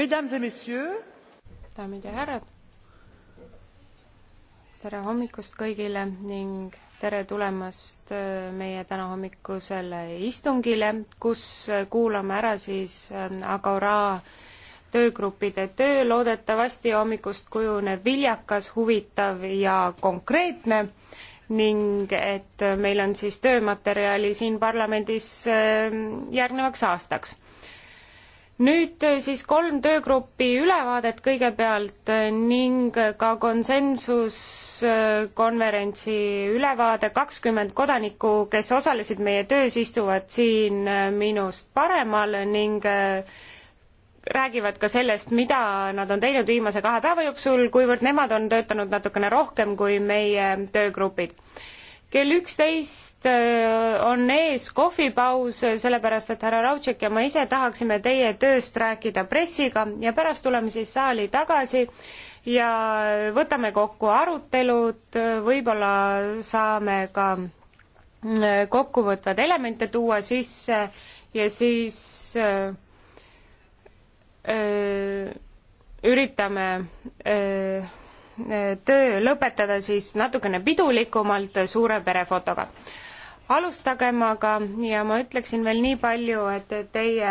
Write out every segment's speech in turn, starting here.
mesdames et messieurs daamid ja härrad tere hommikust kõigile ning tere tulemast äh, meie tänahommikusele istungile kus äh, kuulame ära siis ähm, agora töögruppide töö loodetavasti hommikust kujuneb viljakas huvitav ja konkreetne ning et meil on siis töömaterjali siin parlamendis ähm, järgnevaks aastaks. nüüd äh, siis kolm töögrupi ülevaadet kõigepealt äh, ning ka konsensuskonverentsi äh, ülevaade, kakskümmend kodanikku, kes osalesid meie töös, istuvad siin minust paremal ning räägivad ka sellest, mida nad on teinud viimase kahe päeva jooksul, kuivõrd nemad on töötanud natukene rohkem kui meie töögrupid. kell üksteist äh, on ees kohvipaus, sellepärast et härra Raudšek ja ma ise tahaksime teie tööst rääkida pressiga ja pärast tuleme siis saali tagasi ja võtame kokku arutelud, võib-olla saame ka mm, kokkuvõtvad elemente tuua sisse ja siis äh, Äh, üritame öö, äh, töö lõpetada siis natukene pidulikumalt suure perefotoga. alustagem aga ja ma ütleksin veel nii palju, et teie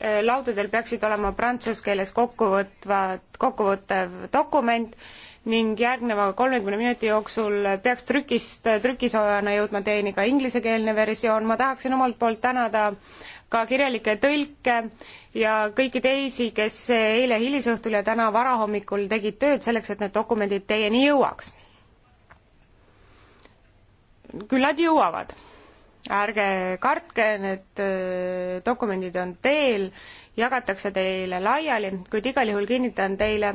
äh, laudadel peaksid olema prantsuse keeles kokkuvõtvad, kokkuvõttev dokument ning järgneva kolmekümne minuti jooksul peaks trükist, trükisoojana jõudma teieni ka inglisekeelne versioon. ma tahaksin omalt poolt tänada ka kirjalikke tõlke ja kõiki teisi, kes eile hilisõhtul ja täna varahommikul tegid tööd selleks, et need dokumendid teieni jõuaks. küll nad jõuavad ärge kartke, need äh, dokumendid on teel, jagatakse teile laiali, kuid igal juhul kinnitan teile,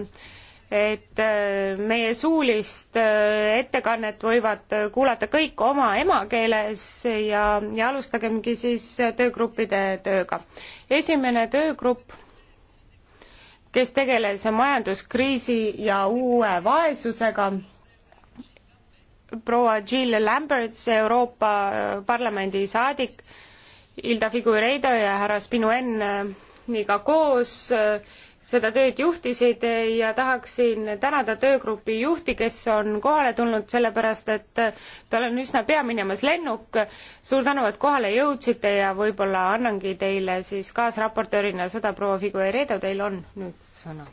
et äh, meie suulist äh, ettekannet võivad äh, kuulata kõik oma emakeeles ja, ja alustagemgi siis töögruppide tööga. esimene töögrupp, kes tegeles majanduskriisi ja uue vaesusega, proua Jill Lamberts, Euroopa Parlamendi saadik, Hilda Figueiredo ja härra Spinoen nii ka koos seda tööd juhtisid ja tahaksin tänada töögrupi juhti, kes on kohale tulnud, sellepärast et tal on üsna pea minemas lennuk. suur tänu, et kohale jõudsite ja võib-olla annangi teile siis kaasraportöörina seda, proua Figueredo, teil on nüüd sõna.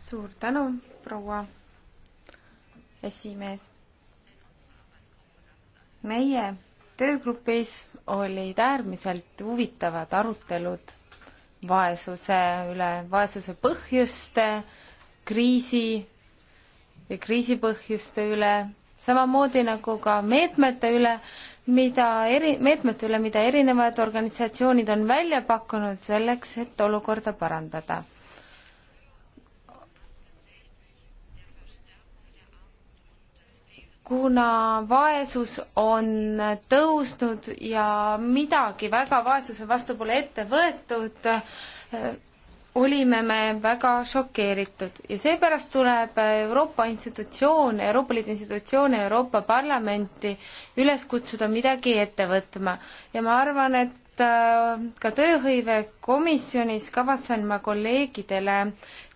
suur tänu, proua esimees meie töögrupis olid äärmiselt huvitavad arutelud vaesuse üle, vaesuse põhjuste, kriisi ja kriisi põhjuste üle, samamoodi nagu ka meetmete üle, mida eri, meetmete üle, mida erinevad organisatsioonid on välja pakkunud selleks, et olukorda parandada kuna vaesus on tõusnud ja midagi väga vaesuse vastu pole ette võetud, olime me väga šokeeritud ja seepärast tuleb Euroopa institutsioone, Euroopa Liidu institutsioone, Euroopa Parlamenti üles kutsuda midagi ette võtma ja ma arvan, et äh, ka tööhõivekomisjonis kavatsen ma kolleegidele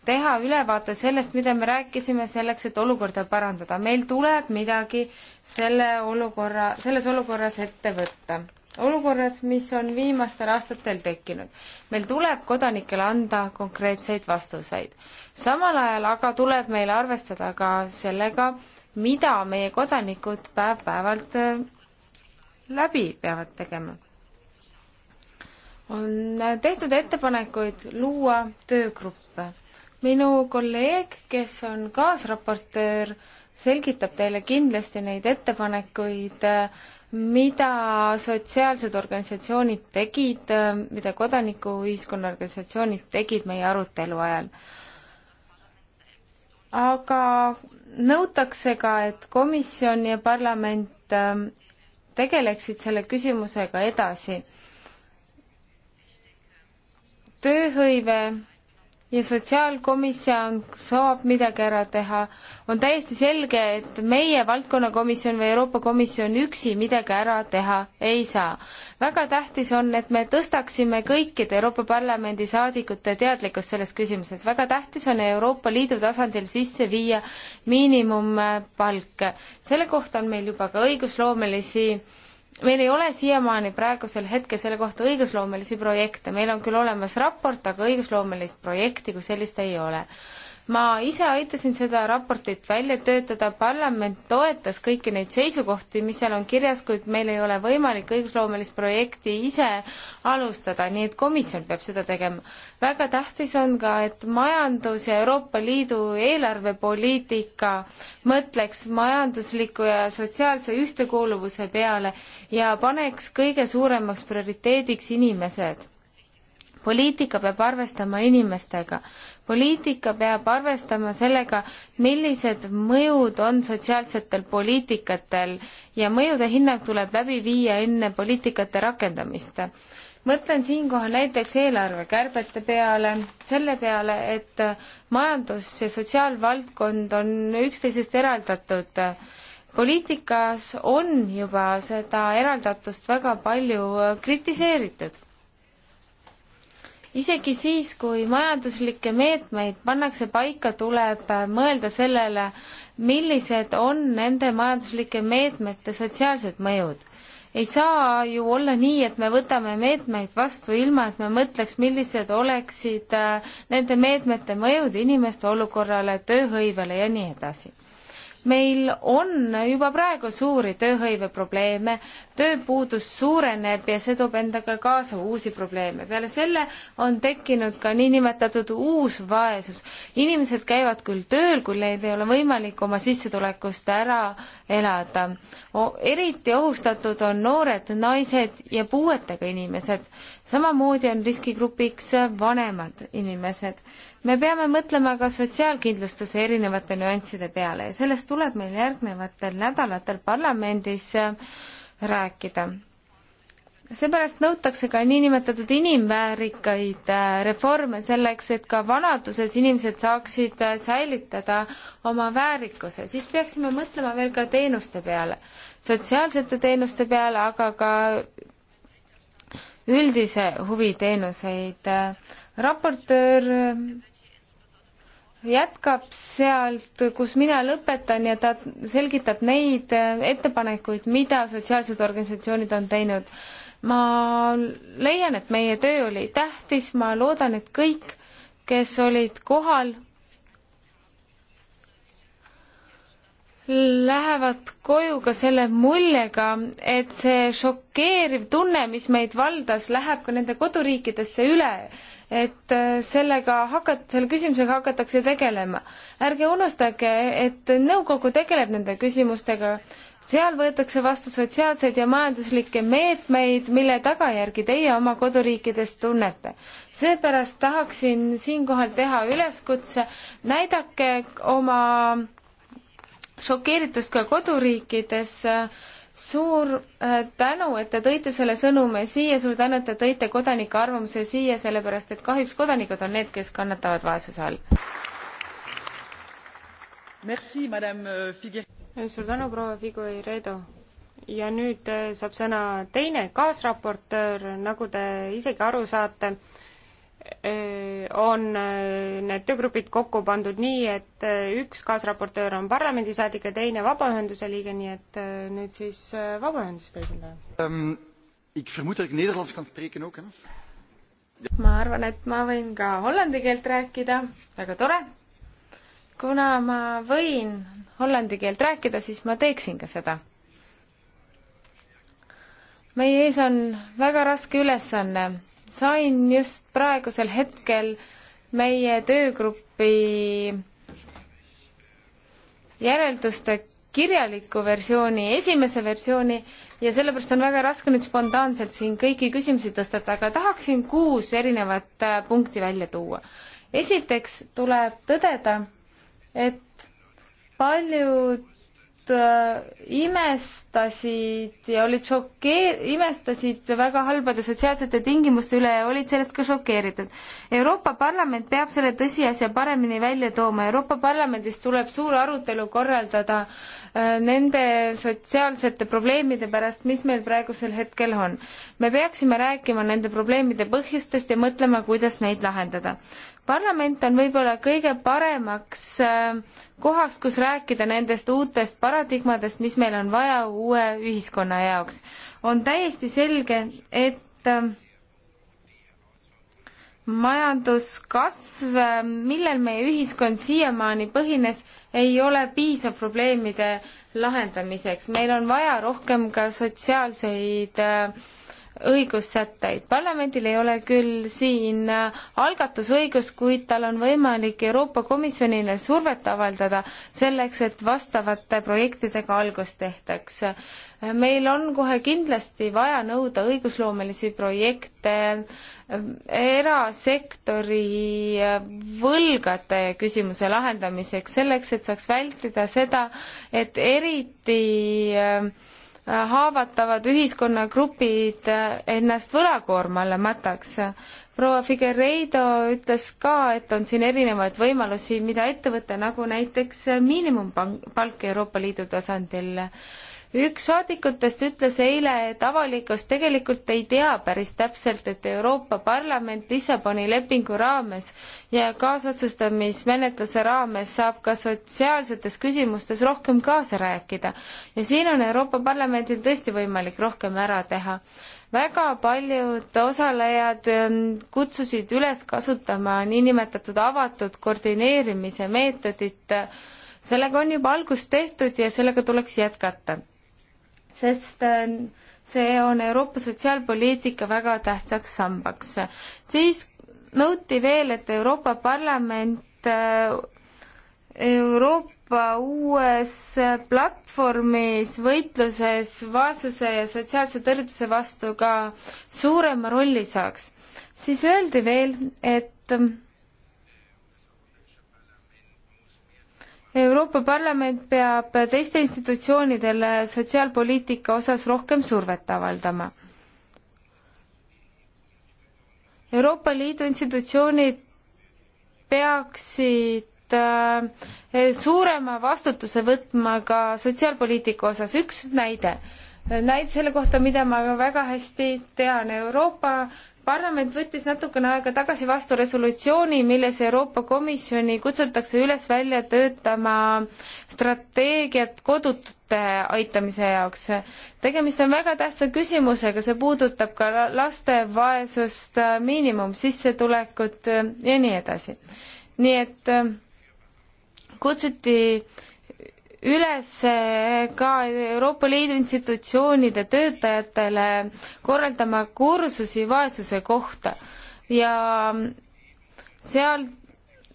teha ülevaate sellest, mida me rääkisime selleks, et olukorda parandada. meil tuleb midagi selle olukorra, selles olukorras ette võtta. olukorras, mis on viimastel aastatel tekkinud. meil tuleb kodanikele anda konkreetseid vastuseid. samal ajal aga tuleb meil arvestada ka sellega, mida meie kodanikud päev-päevalt äh, läbi peavad tegema on äh, tehtud ettepanekuid luua töögrupp, minu kolleeg, kes on kaasraportöör, selgitab teile kindlasti neid ettepanekuid, mida sotsiaalsed organisatsioonid tegid, mida kodanikuühiskonna organisatsioonid tegid meie arutelu ajal. aga nõutakse ka, et komisjon ja parlament ähm, tegeleksid selle küsimusega edasi. tööhõive ja sotsiaalkomisjon saab midagi ära teha, on täiesti selge, et meie valdkonnakomisjon või Euroopa Komisjon üksi midagi ära teha ei saa. väga tähtis on, et me tõstaksime kõikide Euroopa Parlamendi saadikute teadlikkust selles küsimuses, väga tähtis on Euroopa Liidu tasandil sisse viia miinimumpalk. selle kohta on meil juba ka õigusloomelisi äh, meil ei ole siiamaani praegusel hetkel selle kohta õigusloomelisi projekte, meil on küll olemas raport, aga õigusloomelist projekti kui sellist ei ole ma ise aitasin seda raportit välja töötada, parlament toetas kõiki neid seisukohti, mis seal on kirjas, kuid meil ei ole võimalik õigusloomelist projekti ise alustada, nii et komisjon peab seda tegema. väga tähtis on ka, et majandus ja Euroopa Liidu eelarvepoliitika mõtleks majandusliku ja sotsiaalse ühtekuuluvuse peale ja paneks kõige suuremaks prioriteediks inimesed poliitika peab arvestama inimestega. poliitika peab arvestama sellega, millised mõjud on sotsiaalsetel poliitikatel ja mõjude hinnang tuleb läbi viia enne poliitikate rakendamist. mõtlen siinkohal näiteks eelarvekärbete peale, selle peale, et majandus- ja sotsiaalvaldkond on üksteisest eraldatud poliitikas on juba seda eraldatust väga palju kritiseeritud isegi siis, kui majanduslikke meetmeid pannakse paika, tuleb äh, mõelda sellele, millised on nende majanduslike meetmete sotsiaalsed mõjud. ei saa ju olla nii, et me võtame meetmeid vastu ilma, et me mõtleks, millised oleksid äh, nende meetmete mõjud inimeste olukorrale, tööhõivele ja nii edasi meil on juba praegu suuri tööhõiveprobleeme, tööpuudus suureneb ja see toob endaga kaasa uusi probleeme. peale selle on tekkinud ka niinimetatud uus vaesus. inimesed käivad küll tööl, kuid neil ei ole võimalik oma sissetulekust ära elada. eriti ohustatud on noored naised ja puuetega inimesed samamoodi on riskigrupiks vanemad inimesed. me peame mõtlema ka sotsiaalkindlustuse erinevate nüansside peale ja sellest tuleb meil järgnevatel nädalatel parlamendis äh, rääkida seepärast nõutakse ka niinimetatud inimväärikaid äh, reforme selleks, et ka vanaduses inimesed saaksid äh, säilitada oma väärikuse, siis peaksime mõtlema veel ka teenuste peale, sotsiaalsete teenuste peale, aga ka üldise huvi teenuseid. raportöör jätkab sealt, kus mina lõpetan ja ta selgitab neid ettepanekuid, mida sotsiaalsed organisatsioonid on teinud. ma leian, et meie töö oli tähtis, ma loodan, et kõik, kes olid kohal, lähevad koju ka selle muljega, et see šokeeriv tunne, mis meid valdas, läheb ka nende koduriikidesse üle. et äh, sellega hakat-, selle küsimusega hakatakse tegelema. ärge unustage, et nõukogu tegeleb nende küsimustega. seal võetakse vastu sotsiaalseid ja majanduslikke meetmeid, mille tagajärgi teie oma koduriikides tunnete. seepärast tahaksin siinkohal teha üleskutse, näidake oma šokeeritust ka koduriikides. suur äh, tänu, et te tõite selle sõnumi siia, suur tänu, et te tõite kodanike arvamuse siia, sellepärast et kahjuks kodanikud on need, kes kannatavad vaesuse all. Äh, äh, suur tänu, proua Figueiredo ja nüüd saab sõna teine kaasraportöör, nagu te isegi aru saate on äh, need töögrupid kokku pandud nii, et äh, üks kaasraportöör on parlamendisaadik ja teine vabaühenduse liige, nii et äh, nüüd siis vabaühenduste esindaja um,. ma arvan, et ma võin ka hollandi keelt rääkida, väga tore. kuna ma võin hollandi keelt rääkida, siis ma teeksin ka seda meie ees on väga raske ülesanne sain just praegusel hetkel meie töögrupi järelduste kirjaliku versiooni, esimese versiooni ja sellepärast on väga raske nüüd spontaanselt siin kõiki küsimusi tõstata, aga tahaksin kuus erinevat äh, punkti välja tuua. esiteks tuleb tõdeda, et paljud Äh, imestasid ja olid šokeer-, imestasid väga halbade sotsiaalsete tingimuste üle ja olid sellest ka šokeeritud. Euroopa Parlament peab selle tõsiasja paremini välja tooma, Euroopa Parlamendis tuleb suur arutelu korraldada äh, nende sotsiaalsete probleemide pärast, mis meil praegusel hetkel on. me peaksime rääkima nende probleemide põhjustest ja mõtlema, kuidas neid lahendada parlament on võib-olla kõige paremaks äh, kohaks, kus rääkida nendest uutest paradigmadest, mis meil on vaja uue ühiskonna jaoks. on täiesti selge, et äh, majanduskasv, äh, millel meie ühiskond siiamaani põhines, ei ole piisav probleemide lahendamiseks. meil on vaja rohkem ka sotsiaalseid äh, õigussätteid. parlamendil ei ole küll siin äh, algatusõigust, kuid tal on võimalik Euroopa Komisjonile survet avaldada selleks, et vastavate projektidega algust tehtaks. Äh, meil on kohe kindlasti vaja nõuda õigusloomelisi projekte äh, erasektori võlgade küsimuse lahendamiseks, selleks et saaks vältida seda, et eriti haavatavad ühiskonnagrupid eh, ennast võlakoorma alla mataks. proua Figueiredo ütles ka, et on siin erinevaid võimalusi, mida ette võtta, nagu näiteks miinimumpalk Euroopa Liidu tasandil üks saadikutest ütles eile, et avalikkus tegelikult ei tea päris täpselt, et Euroopa Parlament Lissaboni lepingu raames ja kaasotsustamismenetluse raames saab ka sotsiaalsetes küsimustes rohkem kaasa rääkida. ja siin on Euroopa Parlamendil tõesti võimalik rohkem ära teha. väga paljud osalejad ähm, kutsusid üles kasutama niinimetatud avatud koordineerimise meetodit, sellega on juba algust tehtud ja sellega tuleks jätkata sest äh, see on Euroopa sotsiaalpoliitika väga tähtsaks sambaks. siis nõuti veel, et Euroopa Parlament äh, Euroopa uues platvormis võitluses vaesuse ja sotsiaalse tõrjutuse vastu ka suurema rolli saaks. siis öeldi veel, et Euroopa Parlament peab teiste institutsioonidele sotsiaalpoliitika osas rohkem survet avaldama. Euroopa Liidu institutsioonid peaksid äh, suurema vastutuse võtma ka sotsiaalpoliitika osas. üks näide, näide selle kohta, mida ma väga hästi tean, Euroopa parlament võttis natukene aega tagasi vastu resolutsiooni, milles Euroopa Komisjoni kutsutakse üles välja töötama strateegiat kodutute aitamise jaoks. tegemist on väga tähtsa küsimusega, see puudutab ka laste vaesust, miinimumsissetulekut ja nii edasi. nii et äh, kutsuti üles eh, ka Euroopa Liidu institutsioonide töötajatele korraldama kursusi vaesuse kohta ja seal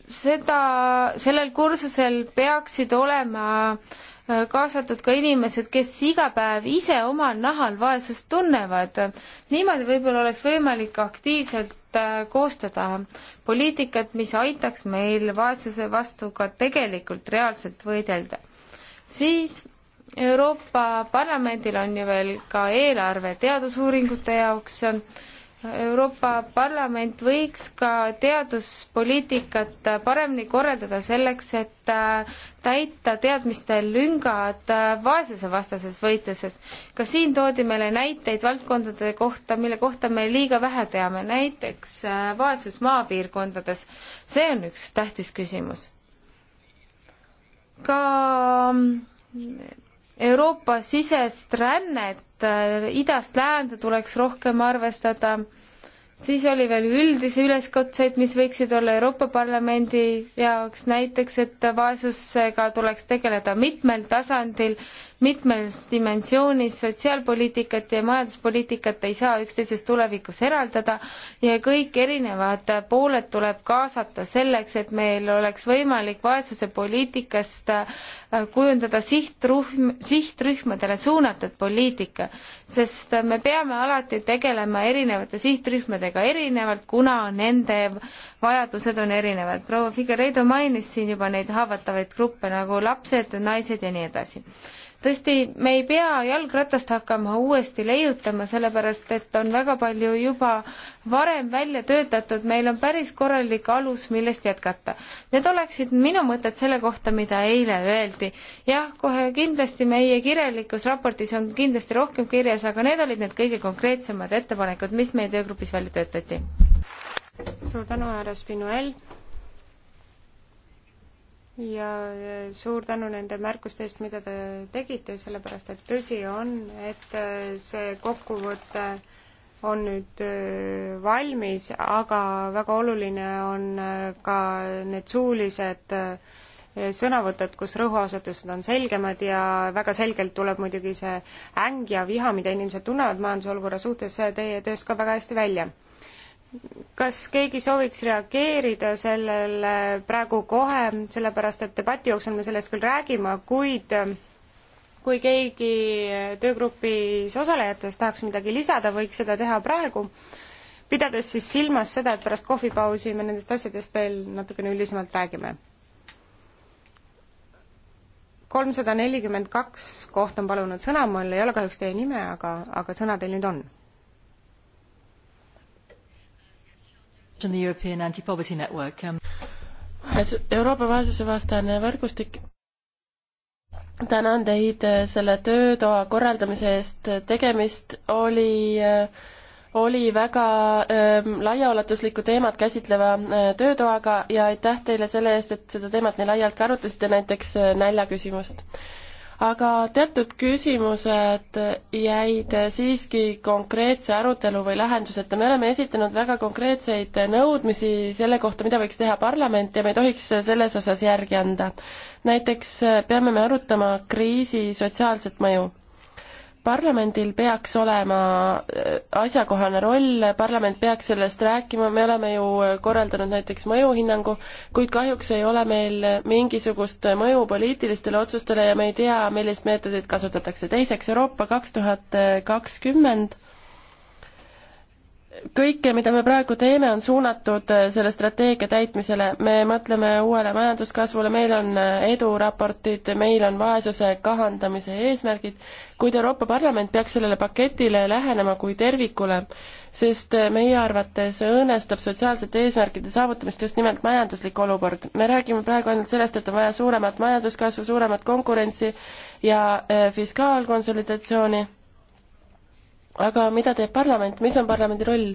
seda, sellel kursusel peaksid olema eh, kaasatud ka inimesed, kes iga päev ise omal nahal vaesust tunnevad. niimoodi võib-olla oleks võimalik aktiivselt eh, koostada poliitikat, mis aitaks meil vaesuse vastu ka tegelikult reaalselt võidelda siis Euroopa Parlamendil on ju veel ka eelarve teadusuuringute jaoks. Euroopa Parlament võiks ka teaduspoliitikat paremini korraldada selleks, et äh, täita teadmiste lüngad äh, vaesusevastases võitluses. ka siin toodi meile näiteid valdkondade kohta, mille kohta me liiga vähe teame, näiteks äh, vaesus maapiirkondades. see on üks tähtis küsimus ka mm, Euroopa-sisest rännet äh, idast läände tuleks rohkem arvestada siis oli veel üldisi üleskutseid, mis võiksid olla Euroopa Parlamendi jaoks, näiteks et vaesusega tuleks tegeleda mitmel tasandil, mitmes dimensioonis, sotsiaalpoliitikat ja majanduspoliitikat ei saa üksteisest tulevikus eraldada ja kõik erinevad pooled tuleb kaasata selleks, et meil oleks võimalik vaesuse poliitikast äh, kujundada sihtrühm, sihtrühmadele suunatud poliitika, sest me peame alati tegelema erinevate sihtrühmadega, teineteisega erinevalt, kuna nende vajadused on erinevad. proua Figueiredo mainis siin juba neid haavatavaid gruppe nagu lapsed, naised ja nii edasi tõesti, me ei pea jalgratast hakkama uuesti leiutama, sellepärast et on väga palju juba varem välja töötatud, meil on päris korralik alus, millest jätkata. Need oleksid minu mõtted selle kohta, mida eile öeldi. jah, kohe kindlasti meie kirjalikus raportis on kindlasti rohkem kirjas, aga need olid need kõige konkreetsemad ettepanekud, mis meie töögrupis välja töötati. suur tänu, härra Spinuel ja suur tänu nende märkuste eest, mida te tegite, sellepärast et tõsi on, et äh, see kokkuvõte on nüüd äh, valmis, aga väga oluline on äh, ka need suulised sõnavõtted, kus rõhuasetused on selgemad ja väga selgelt tuleb muidugi see äng ja viha, mida inimesed tunnevad majandusolukorra suhtes, teie tööst ka väga hästi välja kas keegi sooviks reageerida sellele praegu kohe, sellepärast et debati jooksul me sellest küll räägime, kuid ähm, kui keegi töögrupis osalejatest tahaks midagi lisada, võiks seda teha praegu, pidades siis silmas seda, et pärast kohvipausi me nendest asjadest veel natukene üldisemalt räägime. kolmsada nelikümmend kaks koht on palunud sõna, mul ei ole kahjuks teie nime, aga, aga sõna teil nüüd on Um, Euroopa vaesusevastane võrgustik. tänan teid äh, selle töötoa korraldamise eest, tegemist oli äh, oli väga äh, laiaulatuslikku teemat käsitleva äh, töötoaga ja aitäh teile selle eest, et seda teemat nii laialt ka arutasite, näiteks äh, näljaküsimust äh, aga teatud küsimused jäid siiski konkreetse arutelu või lahenduseta. me oleme esitanud väga konkreetseid nõudmisi selle kohta, mida võiks teha parlament ja me ei tohiks selles osas järgi anda. näiteks peame me arutama kriisi sotsiaalset mõju parlamendil peaks olema äh, asjakohane roll, parlament peaks sellest rääkima, me oleme ju korraldanud näiteks mõjuhinnangu, kuid kahjuks ei ole meil mingisugust mõju poliitilistele otsustele ja me ei tea, millist meetodit kasutatakse. teiseks, Euroopa kaks tuhat kakskümmend kõike, mida me praegu teeme, on suunatud äh, selle strateegia täitmisele. me mõtleme uuele majanduskasvule, meil on äh, eduraportid, meil on vaesuse kahandamise eesmärgid, kuid Euroopa Parlament peaks sellele paketile lähenema kui tervikule, sest äh, meie arvates õõnestab sotsiaalsete eesmärkide saavutamist just nimelt majanduslik olukord. me räägime praegu ainult sellest, et on vaja suuremat majanduskasvu, suuremat konkurentsi ja fiskaalkonsolidatsiooni aga mida teeb parlament, mis on parlamendi roll?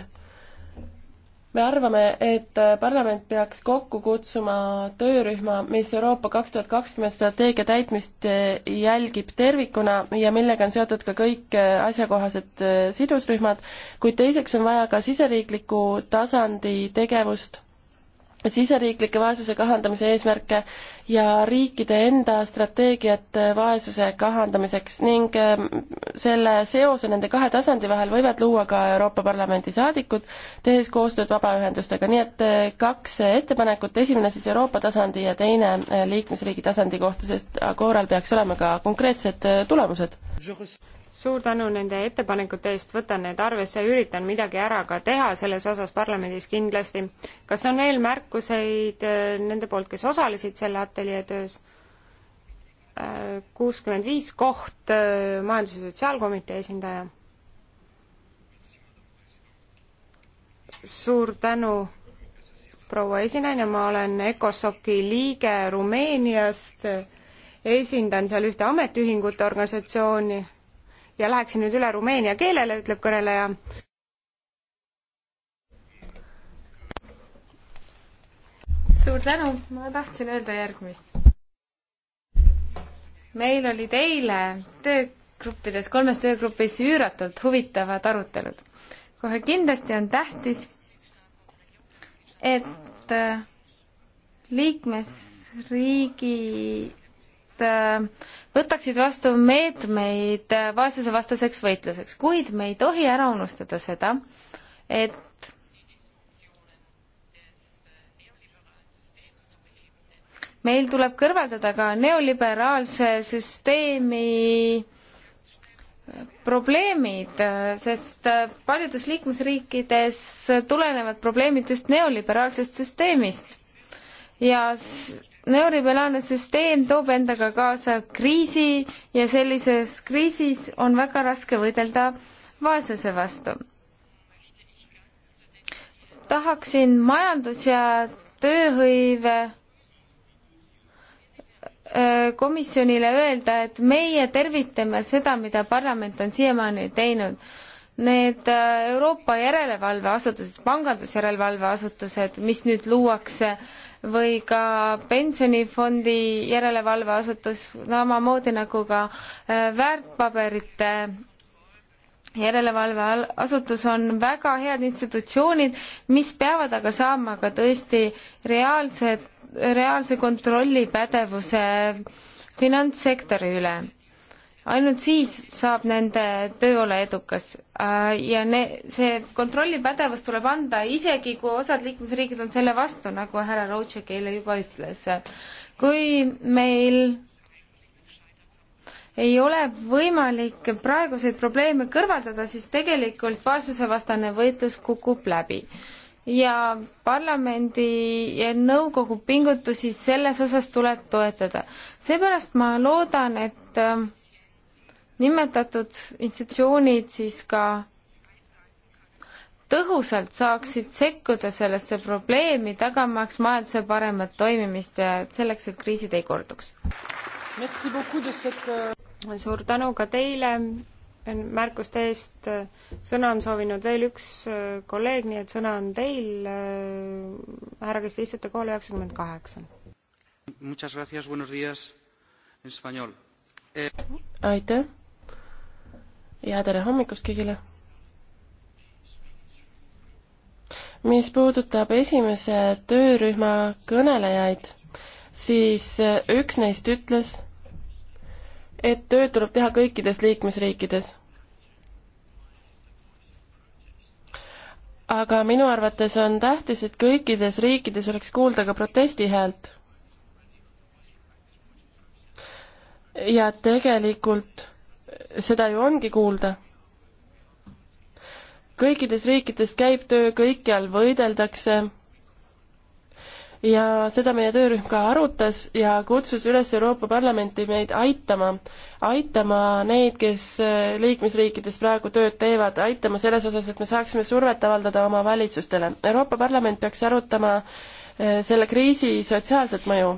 me arvame, et parlament peaks kokku kutsuma töörühma, mis Euroopa kaks tuhat kakskümmend strateegia täitmist jälgib tervikuna ja millega on seotud ka kõik asjakohased sidusrühmad, kuid teiseks on vaja ka siseriikliku tasandi tegevust siseriiklikke vaesuse kahandamise eesmärke ja riikide enda strateegiat äh, vaesuse kahandamiseks ning ähm, selle seose nende kahe tasandi vahel võivad luua ka Euroopa Parlamendi saadikud, tehes koostööd vabaühendustega, nii et äh, kaks äh, ettepanekut, esimene siis Euroopa tasandi ja teine liikmesriigi tasandi kohta, sest Agoral peaks olema ka konkreetsed tulemused suur tänu nende ettepanekute eest, võtan need arvesse ja üritan midagi ära ka teha selles osas parlamendis kindlasti. kas on veel märkuseid äh, nende poolt, kes osalesid selle ateljee töös? Äh, kuuskümmend viis koht äh, Majandus- ja Sotsiaalkomitee esindaja. suur tänu, proua esinaine, ma olen ECOSOC-i liige Rumeeniast, esindan seal ühte ametiühingute organisatsiooni ja läheksin nüüd üle rumeenia keelele, ütleb kõneleja. suur tänu, ma tahtsin öelda järgmist. meil olid eile töögruppides, kolmes töögrupis üüratult huvitavad arutelud. kohe kindlasti on tähtis, et äh, liikmesriigi Äh, võtaksid vastu meetmeid äh, vaesusevastaseks võitluseks, kuid me ei tohi ära unustada seda, et meil tuleb kõrvaldada ka neoliberaalse süsteemi äh, probleemid, sest paljudes liikmesriikides tulenevad probleemid just neoliberaalsest süsteemist ja neoliberaalne süsteem toob endaga kaasa kriisi ja sellises kriisis on väga raske võidelda vaesuse vastu. tahaksin majandus- ja tööhõive äh, komisjonile öelda, et meie tervitame seda, mida parlament on siiamaani teinud need äh, Euroopa järelevalveasutused, pangandusjärelevalveasutused, mis nüüd luuakse, või ka pensionifondi järelevalveasutus, samamoodi nagu ka äh, väärtpaberite järelevalveasutus on väga head institutsioonid, mis peavad aga saama ka tõesti reaalse, reaalse kontrollipädevuse finantssektori üle ainult siis saab nende töö olla edukas äh, ja ne-, see kontrollipädevus tuleb anda, isegi kui osad liikmesriigid on selle vastu, nagu härra Rootšek eile juba ütles. kui meil ei ole võimalik praeguseid probleeme kõrvaldada, siis tegelikult vaesusevastane võitlus kukub läbi ja parlamendi ja nõukogu pingutusi selles osas tuleb toetada. seepärast ma loodan, et äh, nimetatud institutsioonid siis ka tõhusalt saaksid sekkuda sellesse probleemi, tagamaks majanduse paremat toimimist ja selleks, et kriisid ei korduks. Euh, suur tänu ka teile märkuste eest. sõna on soovinud veel üks äh, kolleeg, nii et sõna on teil, äh, härra, kes te istute kool üheksakümmend kaheksa. Eh, aitäh ja tere hommikust kõigile! mis puudutab esimese töörühma kõnelejaid, siis äh, üks neist ütles, et tööd tuleb teha kõikides liikmesriikides. aga minu arvates on tähtis, et kõikides riikides oleks kuulda ka protesti häält. ja tegelikult seda ju ongi kuulda. kõikides riikides käib töö, kõikjal võideldakse ja seda meie töörühm ka arutas ja kutsus üles Euroopa Parlamenti meid aitama, aitama neid, kes äh, liikmesriikides praegu tööd teevad, aitama selles osas, et me saaksime survet avaldada oma valitsustele. Euroopa Parlament peaks arutama äh, selle kriisi sotsiaalset mõju,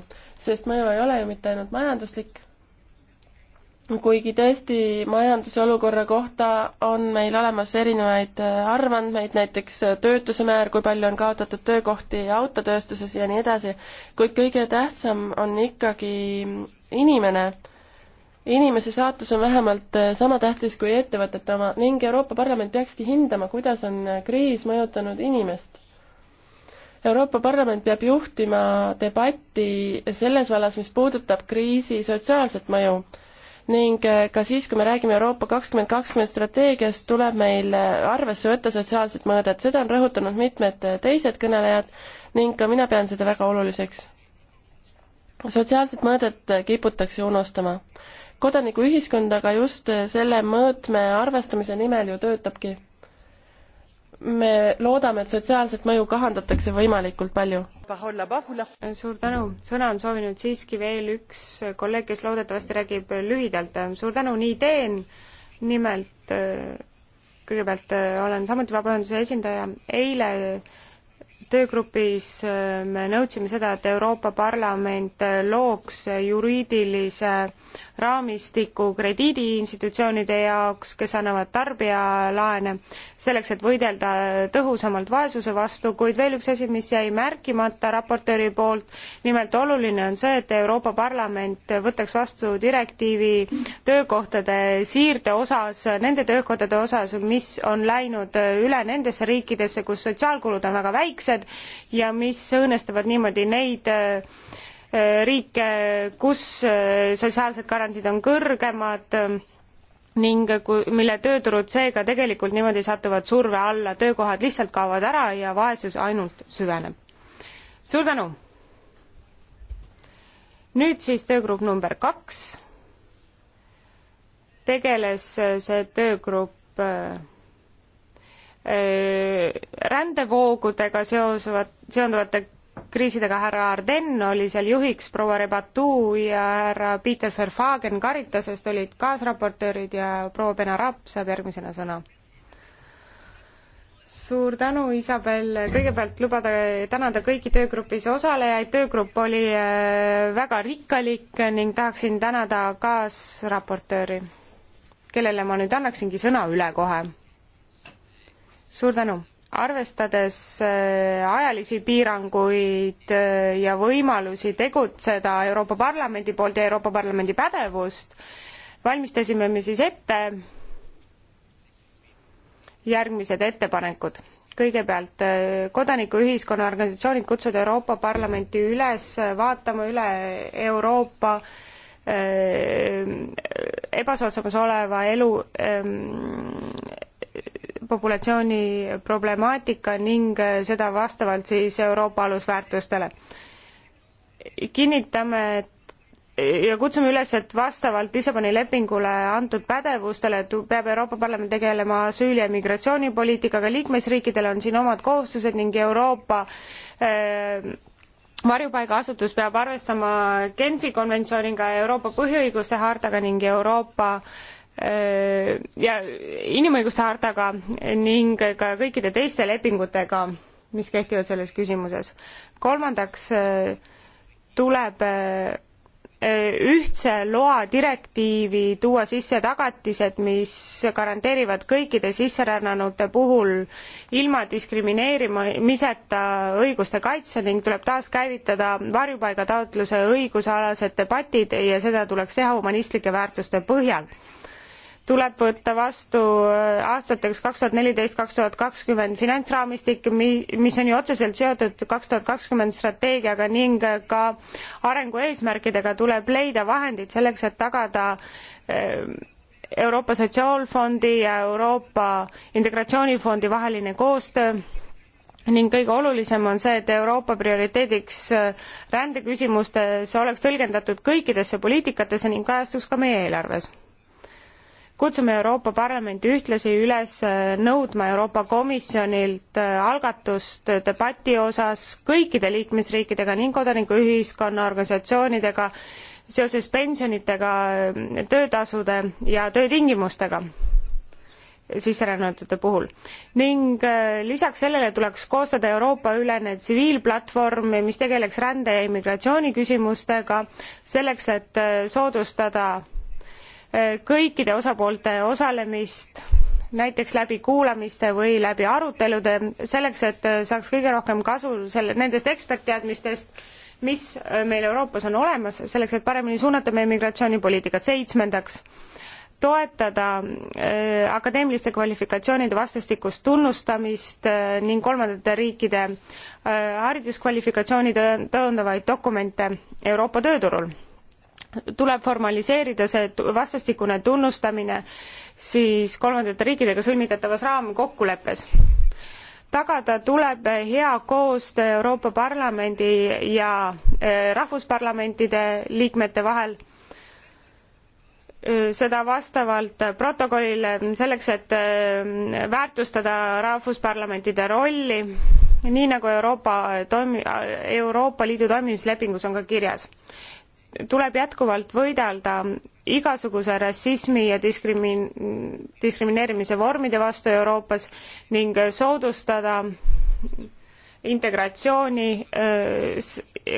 sest mõju ei ole ju mitte ainult majanduslik kuigi tõesti majanduse olukorra kohta on meil olemas erinevaid äh, arvandmeid, näiteks äh, töötuse määr, kui palju on kaotatud töökohti autotööstuses ja nii edasi, kuid kõige tähtsam on ikkagi inimene. inimese saatus on vähemalt äh, sama tähtis kui ettevõtete oma ning Euroopa Parlament peakski hindama, kuidas on kriis mõjutanud inimest Euroopa Parlament peab juhtima debatti selles vallas, mis puudutab kriisi sotsiaalset mõju ning äh, ka siis, kui me räägime Euroopa kakskümmend kakskümmend strateegiast, tuleb meil äh, arvesse võtta sotsiaalset mõõdet, seda on rõhutanud mitmed äh, teised kõnelejad ning ka mina pean seda väga oluliseks. sotsiaalset mõõdet kiputakse unustama. kodanikuühiskond aga just selle mõõtme arvestamise nimel ju töötabki me loodame, et sotsiaalset mõju kahandatakse võimalikult palju. suur tänu, sõna on soovinud siiski veel üks kolleeg, kes loodetavasti räägib lühidalt. suur tänu, nii teen. nimelt äh, kõigepealt äh, olen samuti vabaühenduse esindaja. eile töögrupis äh, me nõudsime seda, et Euroopa Parlament äh, looks äh, juriidilise raamistiku krediidiinstitutsioonide jaoks, kes annavad tarbijalaene, selleks et võidelda tõhusamalt vaesuse vastu, kuid veel üks asi, mis jäi märkimata raportööri poolt, nimelt oluline on see, et Euroopa Parlament võtaks vastu direktiivi töökohtade siirde osas, nende töökohtade osas, mis on läinud üle nendesse riikidesse, kus sotsiaalkulud on väga väiksed, maksed ja mis õõnestavad niimoodi neid äh, äh, riike, kus äh, sotsiaalsed garantiid on kõrgemad ning mille tööturud seega tegelikult niimoodi satuvad surve alla, töökohad lihtsalt kaovad ära ja vaesus ainult süveneb. suur tänu! nüüd siis töögrupp number kaks. tegeles see töögrupp Äh, rändevoogudega seosuvat, seonduvate kriisidega härra Arden oli seal juhiks, proua Rebatu ja härra Peter Verfagen Caritasest olid kaasraportöörid ja proua Benarab saab järgmisena sõna. suur tänu, Isabel, kõigepealt lubada tänada kõiki töögrupis osalejaid, töögrupp oli äh, väga rikkalik ning tahaksin tänada kaasraportööri, kellele ma nüüd annaksingi sõna üle kohe suur tänu! arvestades äh, ajalisi piiranguid äh, ja võimalusi tegutseda Euroopa Parlamendi poolt ja Euroopa Parlamendi pädevust, valmistasime me siis ette järgmised ettepanekud. kõigepealt äh, kodanikuühiskonna organisatsioonid kutsuda Euroopa Parlamenti üles vaatama üle Euroopa ebasoodsamas oleva elu ähm, populatsiooni problemaatika ning seda vastavalt siis Euroopa alusväärtustele. kinnitame, et ja kutsume üles, et vastavalt Lissaboni lepingule antud pädevustele peab Euroopa Parlament tegelema asüüli- ja migratsioonipoliitikaga, liikmesriikidel on siin omad kohustused ning Euroopa äh, varjupaigaasutus peab arvestama Genfi konventsiooniga, Euroopa põhiõiguste hartaga ning Euroopa äh, Äh, ja inimõiguste hartaga ning ka kõikide teiste lepingutega, mis kehtivad selles küsimuses. kolmandaks äh, tuleb äh, ühtse loa direktiivi tuua sisse tagatised, mis garanteerivad kõikide sisserännanute puhul ilma diskrimineerimiseta õiguste kaitse ning tuleb taaskäivitada varjupaigataotluse õigusalased debatid ja seda tuleks teha humanistlike väärtuste põhjal tuleb võtta vastu äh, aastateks kaks tuhat neliteist kaks tuhat kakskümmend finantsraamistik mis on ju otseselt seotud kaks tuhat kakskümmend strateegiaga ning ka arengueesmärkidega tuleb leida vahendid selleks et tagada äh, euroopa sotsiaalfondi ja euroopa integratsioonifondi vaheline koostöö ning kõige olulisem on see, et Euroopa prioriteediks äh, rändeküsimustes oleks tõlgendatud kõikidesse poliitikatesse ning kajastuks ka meie eelarves kutsume Euroopa Parlamenti ühtlasi üles äh, nõudma Euroopa Komisjonilt äh, algatust debati osas kõikide liikmesriikidega ning kodanikuühiskonna organisatsioonidega seoses pensionitega, äh, töötasude ja töötingimustega sisserännatute puhul ning lisaks sellele tuleks koostada Euroopa ülene tsiviilplatvorm, mis tegeleks rände ja immigratsiooni küsimustega selleks, et soodustada kõikide osapoolte osalemist näiteks läbi kuulamiste või läbi arutelude selleks, et saaks kõige rohkem kasu selle, nendest ekspertteadmistest, mis meil Euroopas on olemas, selleks et paremini suunata meie migratsioonipoliitikat. seitsmendaks, toetada äh, akadeemiliste kvalifikatsioonide vastastikust tunnustamist äh, ning kolmandate riikide äh, hariduskvalifikatsiooni tõendavaid dokumente Euroopa tööturul tuleb formaliseerida see vastastikune tunnustamine siis kolmandate riikidega sõlmitavas raamkokkuleppes tagada tuleb hea koostöö euroopa parlamendi ja eh, rahvusparlamentide liikmete vahel eh, seda vastavalt protokollile selleks et eh, väärtustada rahvusparlamentide rolli nii nagu euroopa toimi- euroopa liidu toimimislepingus on ka kirjas tuleb jätkuvalt võidelda igasuguse rassismi ja diskrimi-, diskrimineerimise vormide vastu Euroopas ning soodustada integratsiooni,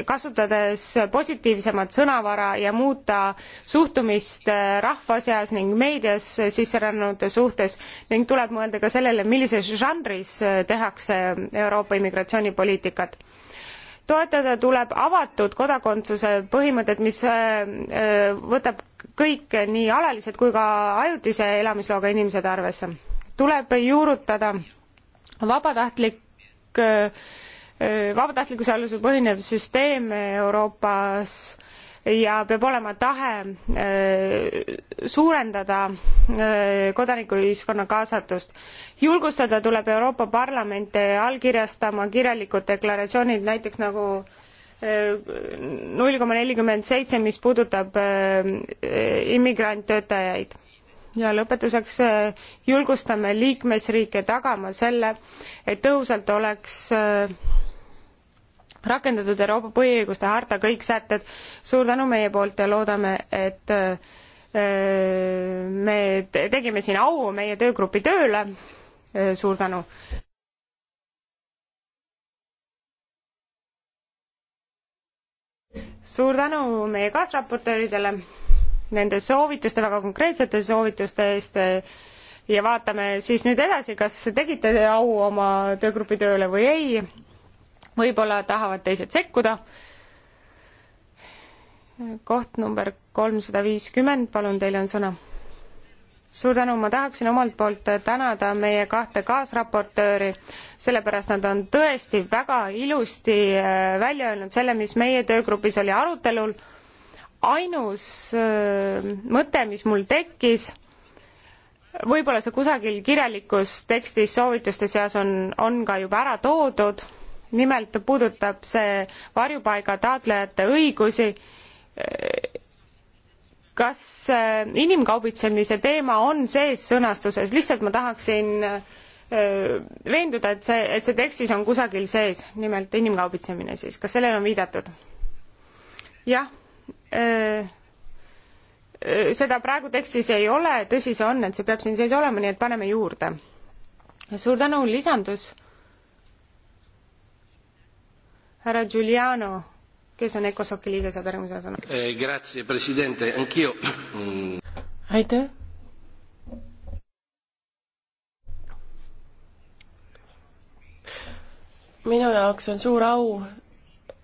kasutades positiivsemat sõnavara ja muuta suhtumist rahva seas ning meedias sisserännanute suhtes ning tuleb mõelda ka sellele, millises žanris tehakse Euroopa immigratsioonipoliitikat toetada tuleb avatud kodakondsuse põhimõtet, mis äh, äh, võtab kõik äh, nii alalised kui ka ajutise elamisloaga inimesed arvesse. tuleb juurutada vabatahtlik vabatahtlikkuse alusel põhinev süsteem Euroopas äh, ja peab olema tahe äh, suurendada äh, kodanikuühiskonna kaasatust. julgustada tuleb Euroopa Parlamente allkirjastama kirjalikud deklaratsioonid, näiteks nagu äh, null koma nelikümmend seitse, mis puudutab immigranttöötajaid. ja lõpetuseks julgustame liikmesriike tagama selle, et tõhusalt oleks rakendatud Euroopa põhiõiguste harta kõik sätted. suur tänu meie poolt ja loodame, et äh, me tegime siin au meie töögrupi tööle. Äh, suur tänu. suur tänu meie kaasraportööridele nende soovituste, väga konkreetsete soovituste eest ja vaatame siis nüüd edasi, kas tegite au oma töögrupi tööle või ei võib-olla tahavad teised sekkuda. koht number kolmsada viiskümmend, palun, teil on sõna. suur tänu, ma tahaksin omalt poolt tänada meie kahte kaasraportööri, sellepärast nad on tõesti väga ilusti äh, välja öelnud selle, mis meie töögrupis oli arutelul. ainus äh, mõte, mis mul tekkis võib-olla see kusagil kirjalikus tekstis soovituste seas on, on ka juba ära toodud, nimelt puudutab see varjupaiga taotlejate õigusi. kas inimkaubitsemise teema on sees sõnastuses, lihtsalt ma tahaksin äh, veenduda, et see, et see tekstis on kusagil sees, nimelt inimkaubitsemine siis, kas sellele on viidatud? jah, äh, seda praegu tekstis ei ole, tõsi see on, et see peab siin sees olema, nii et paneme juurde. suur tänu, lisandus härra Giuliano, kes on Ecosoci liige, saab järgmise sõna eh,. Grazie, president, anch'io mm.. aitäh. minu jaoks on suur au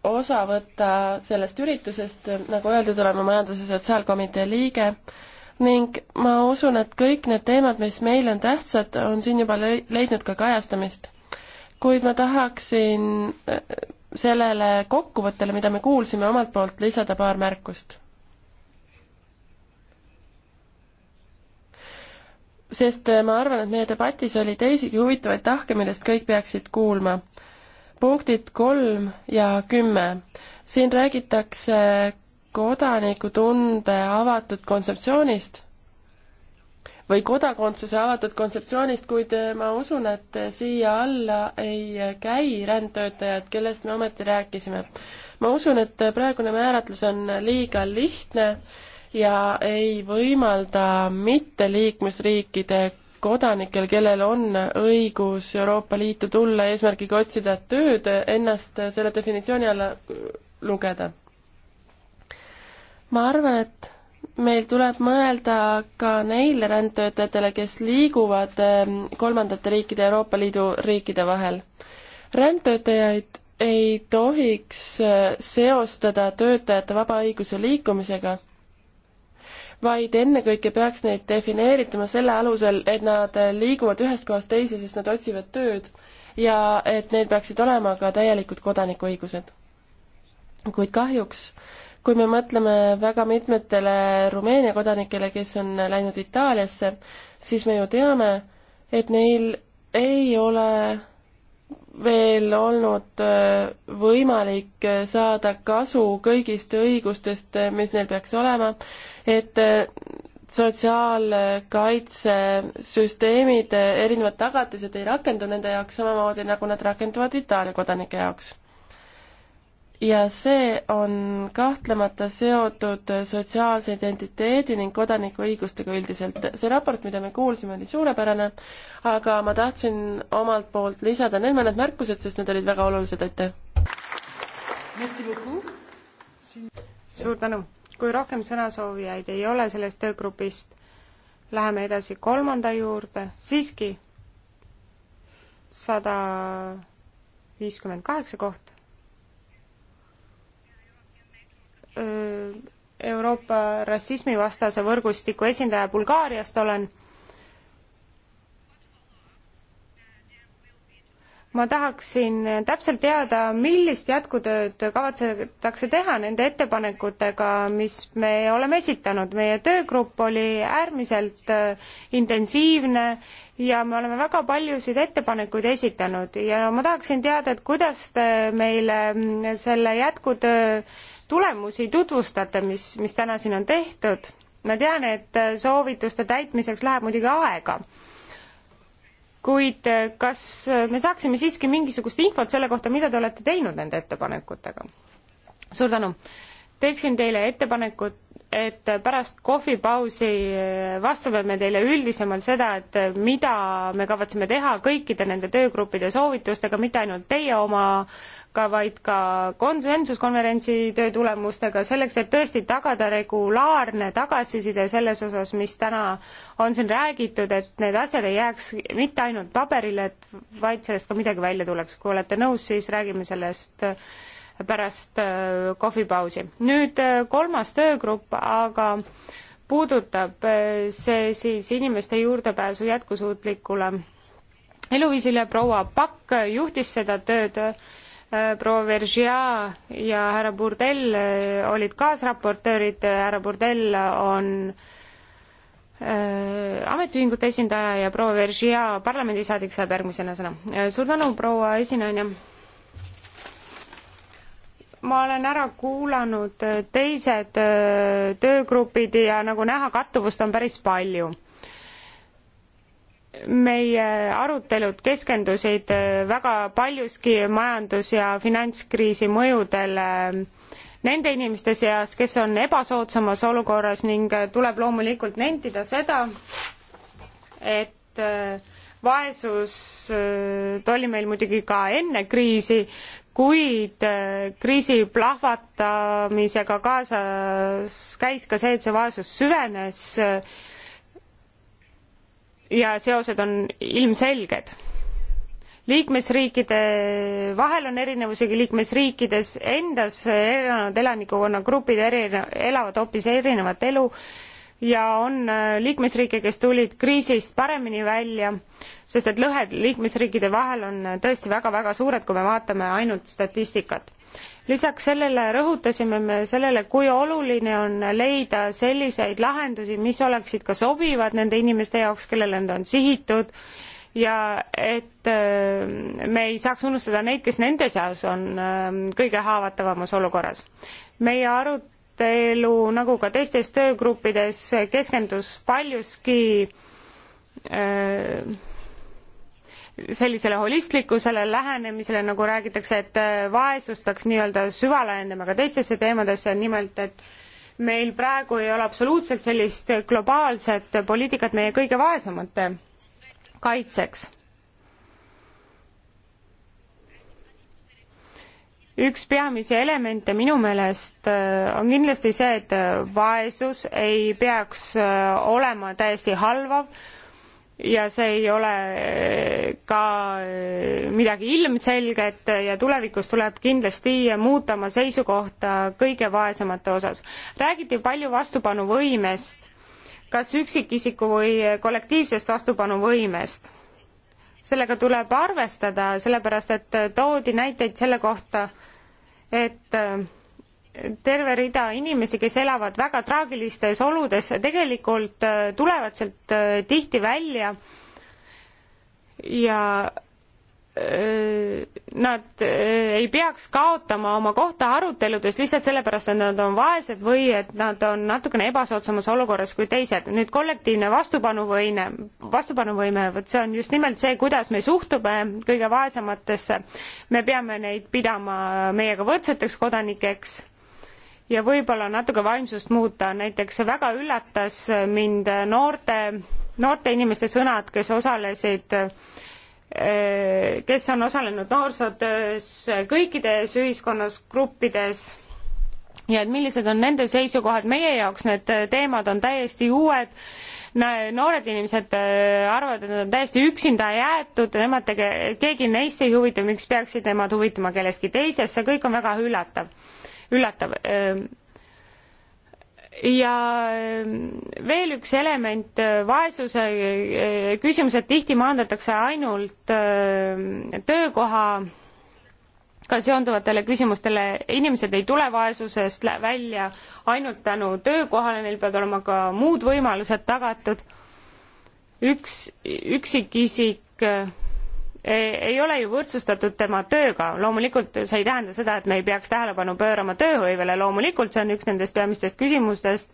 osa võtta sellest üritusest, nagu öeldud, olen ma Majandus- ja Sotsiaalkomitee liige ning ma usun, et kõik need teemad, mis meile on tähtsad, on siin juba leidnud ka kajastamist. kuid ma tahaksin sellele kokkuvõttele, mida me kuulsime, omalt poolt lisada paar märkust. sest ma arvan, et meie debatis oli teisigi huvitavaid tahke, millest kõik peaksid kuulma. punktid kolm ja kümme. siin räägitakse kodanikutunde avatud kontseptsioonist või kodakondsuse avatud kontseptsioonist, kuid äh, ma usun, et äh, siia alla ei äh, käi rändtöötajad, kellest me ometi rääkisime. ma usun, et praegune määratlus on liiga lihtne ja ei võimalda mitte liikmesriikide kodanikel, kellel on õigus Euroopa Liitu tulla eesmärgiga otsida tööd, ennast selle definitsiooni alla lugeda. ma arvan, et meil tuleb mõelda ka neile rändtöötajatele, kes liiguvad ehm, kolmandate riikide ja Euroopa Liidu riikide vahel. rändtöötajaid ei tohiks ehm, seostada töötajate vaba õiguse liikumisega, vaid ennekõike peaks neid defineeritama selle alusel, et nad liiguvad ühest kohast teise, sest nad otsivad tööd ja et neil peaksid olema ka täielikud kodanikuõigused. kuid kahjuks äh, kui me mõtleme väga mitmetele Rumeenia kodanikele, kes on läinud Itaaliasse, siis me ju teame, et neil ei ole veel olnud äh, võimalik äh, saada kasu kõigist õigustest, äh, mis neil peaks olema, et sotsiaalkaitsesüsteemid, erinevad tagatised ei rakendu nende jaoks samamoodi, nagu nad rakenduvad Itaalia kodanike jaoks ja see on kahtlemata seotud sotsiaalse identiteedi ning kodanikuõigustega üldiselt. see raport, mida me kuulsime, oli suurepärane, aga ma tahtsin omalt poolt lisada need mõned märkused, sest need olid väga olulised, aitäh! suur tänu! kui rohkem sõnasoovijaid ei ole sellest töögrupist, läheme edasi kolmanda juurde, siiski sada viiskümmend kaheksa kohta Äh, Euroopa rassismivastase võrgustiku esindaja Bulgaariast olen. ma tahaksin täpselt teada, millist jätkutööd kavatsetakse teha nende ettepanekutega, mis me oleme esitanud. meie töögrupp oli äärmiselt äh, intensiivne ja me oleme väga paljusid ettepanekuid esitanud ja ma tahaksin teada, et kuidas te meile mm, selle jätkutöö tulemusi tutvustate, mis, mis täna siin on tehtud. ma tean, et äh, soovituste täitmiseks läheb muidugi aega. kuid äh, kas äh, me saaksime siiski mingisugust infot selle kohta, mida te olete teinud nende ettepanekutega? suur tänu. teeksin teile ettepanekut et pärast kohvipausi vastame me teile üldisemalt seda, et mida me kavatseme teha kõikide nende töögruppide soovitustega, mitte ainult teie omaga, vaid ka konsensuskonverentsi töö tulemustega, selleks et tõesti tagada regulaarne tagasiside selles osas, mis täna on siin räägitud, et need asjad ei jääks mitte ainult paberile, et vaid sellest ka midagi välja tuleks. kui olete nõus, siis räägime sellest pärast äh, kohvipausi. nüüd äh, kolmas töögrupp aga puudutab äh, see siis inimeste juurdepääsu jätkusuutlikule eluviisile, proua Pakk juhtis seda tööd, proua Veržia ja härra Burdell olid kaasraportöörid, härra Burdell on ametiühingute esindaja ja proua Veržia parlamendisaadik saab järgmisena sõna. suur tänu, proua esinaine ma olen ära kuulanud äh, teised äh, töögrupid ja nagu näha, kattuvust on päris palju. meie arutelud keskendusid äh, väga paljuski majandus- ja finantskriisi mõjudele nende inimeste seas, kes on ebasoodsamas olukorras ning tuleb loomulikult nentida seda, et vaesus, ta oli meil muidugi ka enne kriisi, kuid äh, kriisi plahvatamisega kaasas käis ka see, et see vaesus süvenes äh, ja seosed on ilmselged. liikmesriikide vahel on erinevusi, liikmesriikides endas erinevad elanikkonnagrupid erine-, elavad hoopis erinevat elu ja on äh, liikmesriike, kes tulid kriisist paremini välja, sest et lõhed liikmesriikide vahel on äh, tõesti väga-väga suured, kui me vaatame ainult statistikat. lisaks sellele rõhutasime me sellele, kui oluline on leida selliseid lahendusi, mis oleksid ka sobivad nende inimeste jaoks, kellele nad on sihitud, ja et äh, me ei saaks unustada neid, kes nende seas on kõige haavatavamas olukorras. meie arut-, arutelu, nagu ka teistes töögruppides, keskendus paljuski äh, sellisele holistlikkusele lähenemisele, nagu räägitakse, et äh, vaesust peaks nii-öelda süvalaiendama ka teistesse teemadesse, nimelt et meil praegu ei ole absoluutselt sellist globaalset poliitikat meie kõige vaesemate kaitseks üks peamisi elemente minu meelest äh, on kindlasti see, et äh, vaesus ei peaks äh, olema täiesti halvav ja see ei ole ka midagi ilmselget ja tulevikus tuleb kindlasti muuta oma seisukohta kõige vaesemate osas. räägiti palju vastupanuvõimest, kas üksikisiku või kollektiivsest vastupanuvõimest. sellega tuleb arvestada, sellepärast et toodi näiteid selle kohta, et äh, terve rida inimesi, kes elavad väga traagilistes oludes, tegelikult äh, tulevad sealt äh, tihti välja ja nad ei peaks kaotama oma kohta aruteludes lihtsalt sellepärast, et nad on vaesed või et nad on natukene ebasoodsamas olukorras kui teised. nüüd kollektiivne vastupanuvõime, vastupanuvõime, vot see on just nimelt see, kuidas me suhtume kõige vaesematesse. me peame neid pidama meiega võrdseteks kodanikeks ja võib-olla natuke vaimsust muuta. näiteks väga üllatas mind noorte, noorte inimeste sõnad, kes osalesid äh, kes on osalenud noorsootöös kõikides ühiskonnas gruppides ja et millised on nende seisukohad, meie jaoks need teemad on täiesti uued, noored inimesed äh, arvavad, et nad on täiesti üksinda jäetud, nemad tege-, keegi neist ei huvita, miks peaksid nemad huvituma kellestki teisest, see kõik on väga üllatav, üllatav äh, ja ähm, veel üks element, äh, vaesuse äh, küsimused tihti maandatakse ainult äh, töökohaga seonduvatele küsimustele, inimesed ei tule vaesusest välja ainult tänu töökohale, neil peavad olema ka muud võimalused tagatud. üks üksikisik ei ole ju võrdsustatud tema tööga. loomulikult see ei tähenda seda, et me ei peaks tähelepanu pöörama tööhõivele, loomulikult see on üks nendest peamistest küsimustest,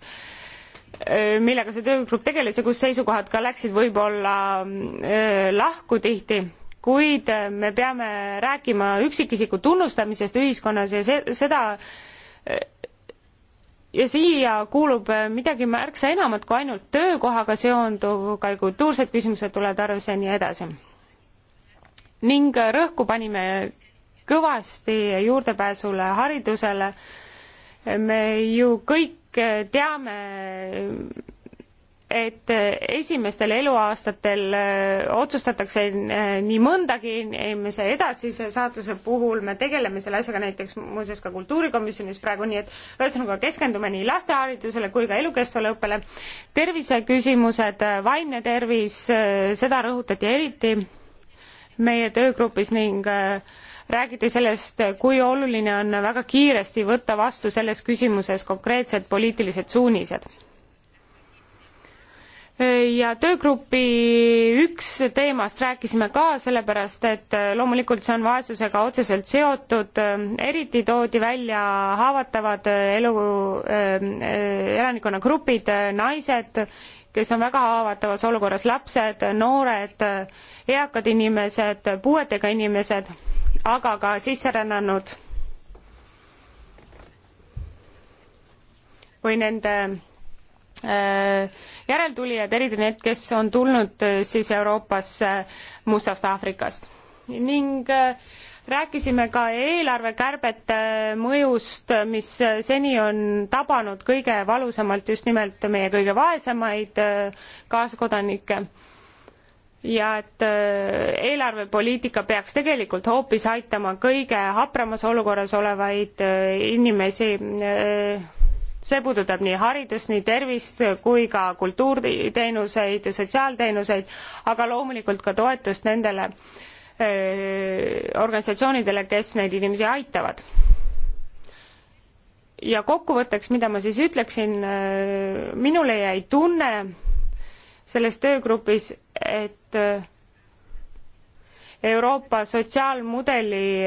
millega see töögrupp tegeles ja kus seisukohad ka läksid võib-olla lahku tihti, kuid me peame rääkima üksikisiku tunnustamisest ühiskonnas ja see, seda ja siia kuulub midagi märksa enamat kui ainult töökohaga seonduv, ka kultuursed küsimused tulevad arvesse ja nii edasi ning rõhku panime kõvasti juurdepääsule haridusele. me ju kõik teame, et esimestel eluaastatel otsustatakse nii mõndagi inimese edasise saatuse puhul, me tegeleme selle asjaga näiteks muuseas ka kultuurikomisjonis praegu, nii et ühesõnaga keskendume nii laste haridusele kui ka elukestvale õppele. terviseküsimused, vaimne tervis, seda rõhutati eriti meie töögrupis ning äh, räägiti sellest, kui oluline on väga kiiresti võtta vastu selles küsimuses konkreetsed poliitilised suunised. ja töögrupi üks teemast rääkisime ka, sellepärast et äh, loomulikult see on vaesusega otseselt seotud, äh, eriti toodi välja haavatavad elu, elanikkonnagrupid, naised kes on väga haavatavas olukorras, lapsed, noored, eakad inimesed, puuetega inimesed, aga ka sisserännanud või nende äh, järeltulijad, eriti need, kes on tulnud äh, siis Euroopasse Mustast Aafrikast. ning äh, rääkisime ka eelarvekärbete mõjust, mis seni on tabanud kõige valusamalt just nimelt meie kõige vaesemaid äh, kaaskodanikke. ja et äh, eelarvepoliitika peaks tegelikult hoopis aitama kõige hapramas olukorras olevaid äh, inimesi see puudutab nii haridust, nii tervist kui ka kultuuriteenuseid ja sotsiaalteenuseid, aga loomulikult ka toetust nendele Äh, organisatsioonidele, kes neid inimesi aitavad. ja kokkuvõtteks, mida ma siis ütleksin, äh, minule jäi tunne selles töögrupis, et äh, Euroopa sotsiaalmudeli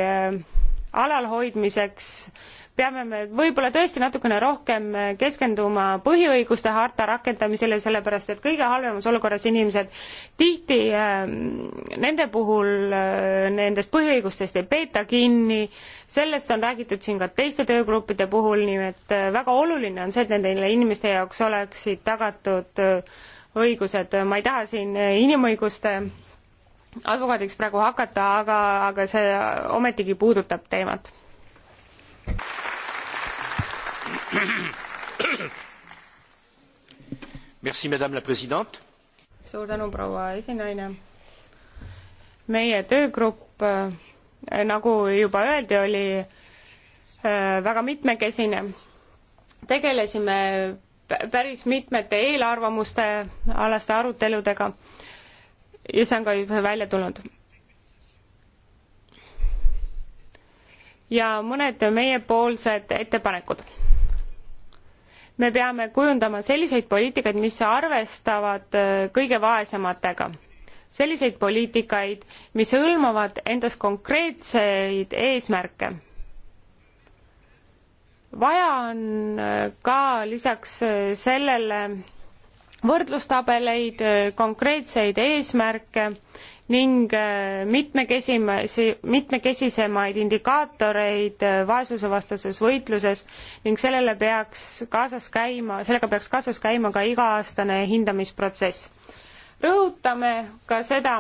alalhoidmiseks peame me võib-olla tõesti natukene rohkem keskenduma põhiõiguste harta rakendamisele, sellepärast et kõige halvemas olukorras inimesed tihti ähm, nende puhul äh, nendest põhiõigustest ei peeta kinni, sellest on räägitud siin ka teiste töögruppide puhul, nii et äh, väga oluline on see, et nendele inimeste jaoks oleksid tagatud äh, õigused, ma ei taha siin inimõiguste advokaadiks praegu hakata, aga, aga see ometigi puudutab teemat suur tänu, proua esinaine. meie töögrupp, äh, nagu juba öeldi, oli äh, väga mitmekesine. tegelesime päris mitmete eelarvamuste alaste aruteludega ja see on ka juba välja tulnud ja mõned meiepoolsed ettepanekud. me peame kujundama selliseid poliitikaid, mis arvestavad äh, kõige vaesematega. selliseid poliitikaid, mis hõlmavad endas konkreetseid eesmärke. vaja on äh, ka lisaks äh, sellele võrdlustabeleid, konkreetseid eesmärke ning äh, mitmekesimesi, mitmekesisemaid indikaatoreid äh, vaesusevastases võitluses ning sellele peaks kaasas käima, sellega peaks kaasas käima ka iga-aastane hindamisprotsess. rõhutame ka seda,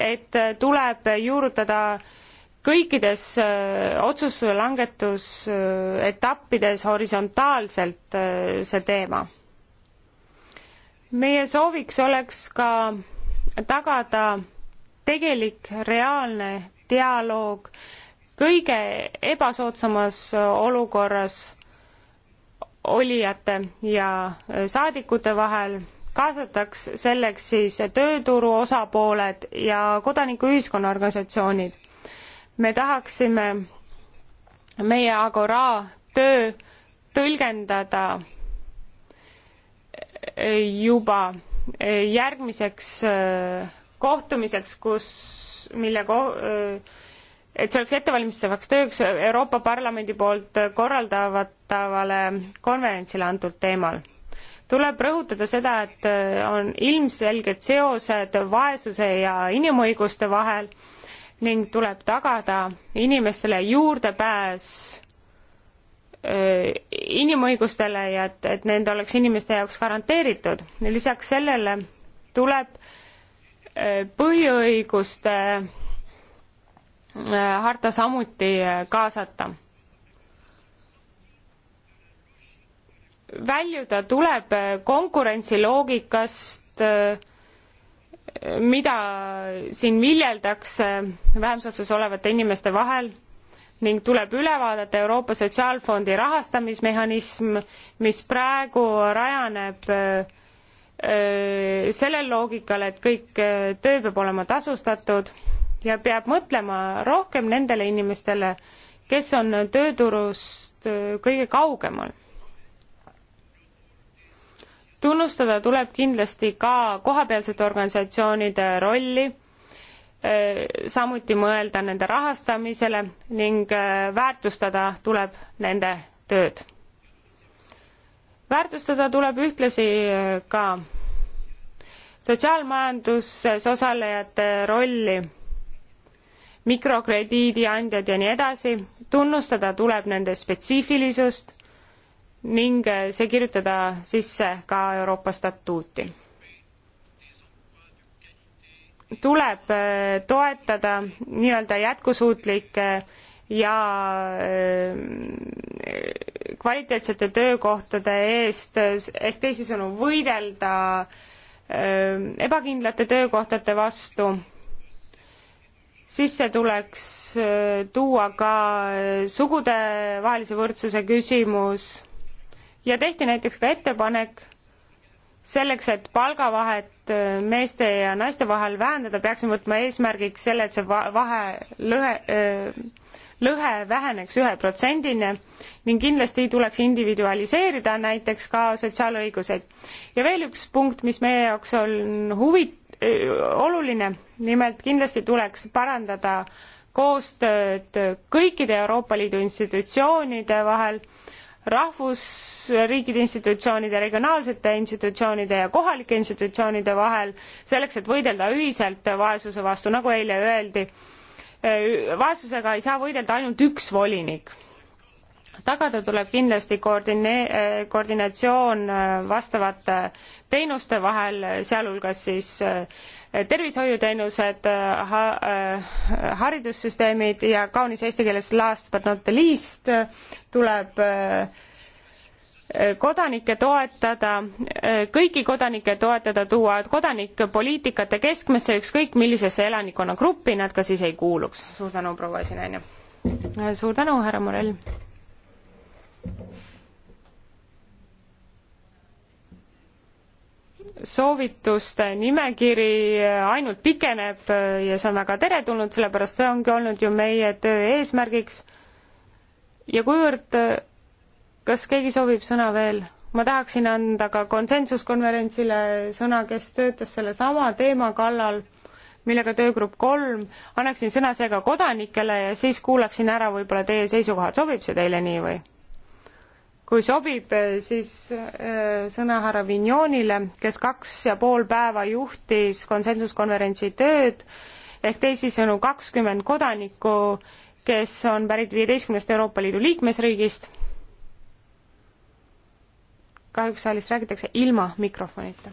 et äh, tuleb juurutada kõikides otsuse langetusetappides horisontaalselt see teema. meie sooviks oleks ka tagada tegelik reaalne dialoog kõige ebasoodsamas äh, olukorras olijate ja äh, saadikute vahel kaasataks selleks siis tööturu osapooled ja kodanikuühiskonna organisatsioonid. me tahaksime meie Agora töö tõlgendada äh, juba järgmiseks kohtumiseks, kus, mille ko-, et see oleks ettevalmistavaks tööks Euroopa Parlamendi poolt korraldatavale konverentsile antud teemal. tuleb rõhutada seda, et on ilmselged seosed vaesuse ja inimõiguste vahel ning tuleb tagada inimestele juurdepääs inimõigustele ja et, et need oleks inimeste jaoks garanteeritud. lisaks sellele tuleb äh, põhiõiguste äh, harta samuti äh, kaasata. väljuda tuleb äh, konkurentsiloogikast, mida siin viljeldakse vähemusotsas olevate inimeste vahel ning tuleb üle vaadata Euroopa Sotsiaalfondi rahastamismehhanism, mis praegu rajaneb äh, Äh, sellel loogikal, et kõik äh, töö peab olema tasustatud ja peab mõtlema rohkem nendele inimestele, kes on tööturust äh, kõige kaugemal. tunnustada tuleb kindlasti ka kohapealsete organisatsioonide rolli, samuti mõelda nende rahastamisele ning väärtustada tuleb nende tööd väärtustada tuleb ühtlasi äh, ka sotsiaalmajanduses osalejate rolli, mikrokrediidiandjad ja nii edasi, tunnustada tuleb nende spetsiifilisust ning äh, see kirjutada sisse ka Euroopa statuuti. tuleb äh, toetada nii-öelda jätkusuutlikke ja kvaliteetsete töökohtade eest ehk teisisõnu võidelda ähm, ebakindlate töökohtade vastu sisse tuleks äh, tuua ka äh, sugudevahelise võrdsuse küsimus ja tehti näiteks ka ettepanek selleks, et palgavahet äh, meeste ja naiste vahel vähendada, peaksime võtma eesmärgiks selle, et see vahe lõhe, lõhe väheneks ühe protsendini ning kindlasti tuleks individualiseerida näiteks ka sotsiaalõiguseid. ja veel üks punkt, mis meie jaoks on huvi-, äh, oluline, nimelt kindlasti tuleks parandada koostööd kõikide Euroopa Liidu institutsioonide vahel, rahvusriikide institutsioonide, regionaalsete institutsioonide ja kohalike institutsioonide vahel, selleks et võidelda ühiselt vaesuse vastu, nagu eile öeldi Äh, vaesusega ei saa võidelda ainult üks volinik tagada tuleb kindlasti koordine-, äh, koordinatsioon äh, vastavate teenuste vahel, sealhulgas siis tervishoiuteenused ha-, haridussüsteemid ja kaunis eesti keeles last but not the least tuleb äh, kodanikke toetada, kõiki kodanikke toetada, tuua kodanik poliitikate keskmesse, ükskõik millisesse elanikkonnagruppi nad ka siis ei kuuluks. suur tänu, proua esinaine. suur tänu, härra Morell. soovituste nimekiri ainult pikeneb ja see on väga teretulnud, sellepärast see ongi olnud ju meie töö eesmärgiks. ja kuivõrd kas keegi soovib sõna veel? ma tahaksin anda ka konsensuskonverentsile sõna, kes töötas sellesama teema kallal, millega töögrupp kolm, annaksin sõna seega kodanikele ja siis kuulaksin ära võib-olla teie seisukohad, sobib see teile nii või? kui sobib, siis äh, sõna härra Vignonile, kes kaks ja pool päeva juhtis konsensuskonverentsi tööd ehk teisisõnu kakskümmend kodanikku, kes on pärit viieteistkümnest Euroopa Liidu liikmesriigist kahjuks saalist räägitakse ilma mikrofonita.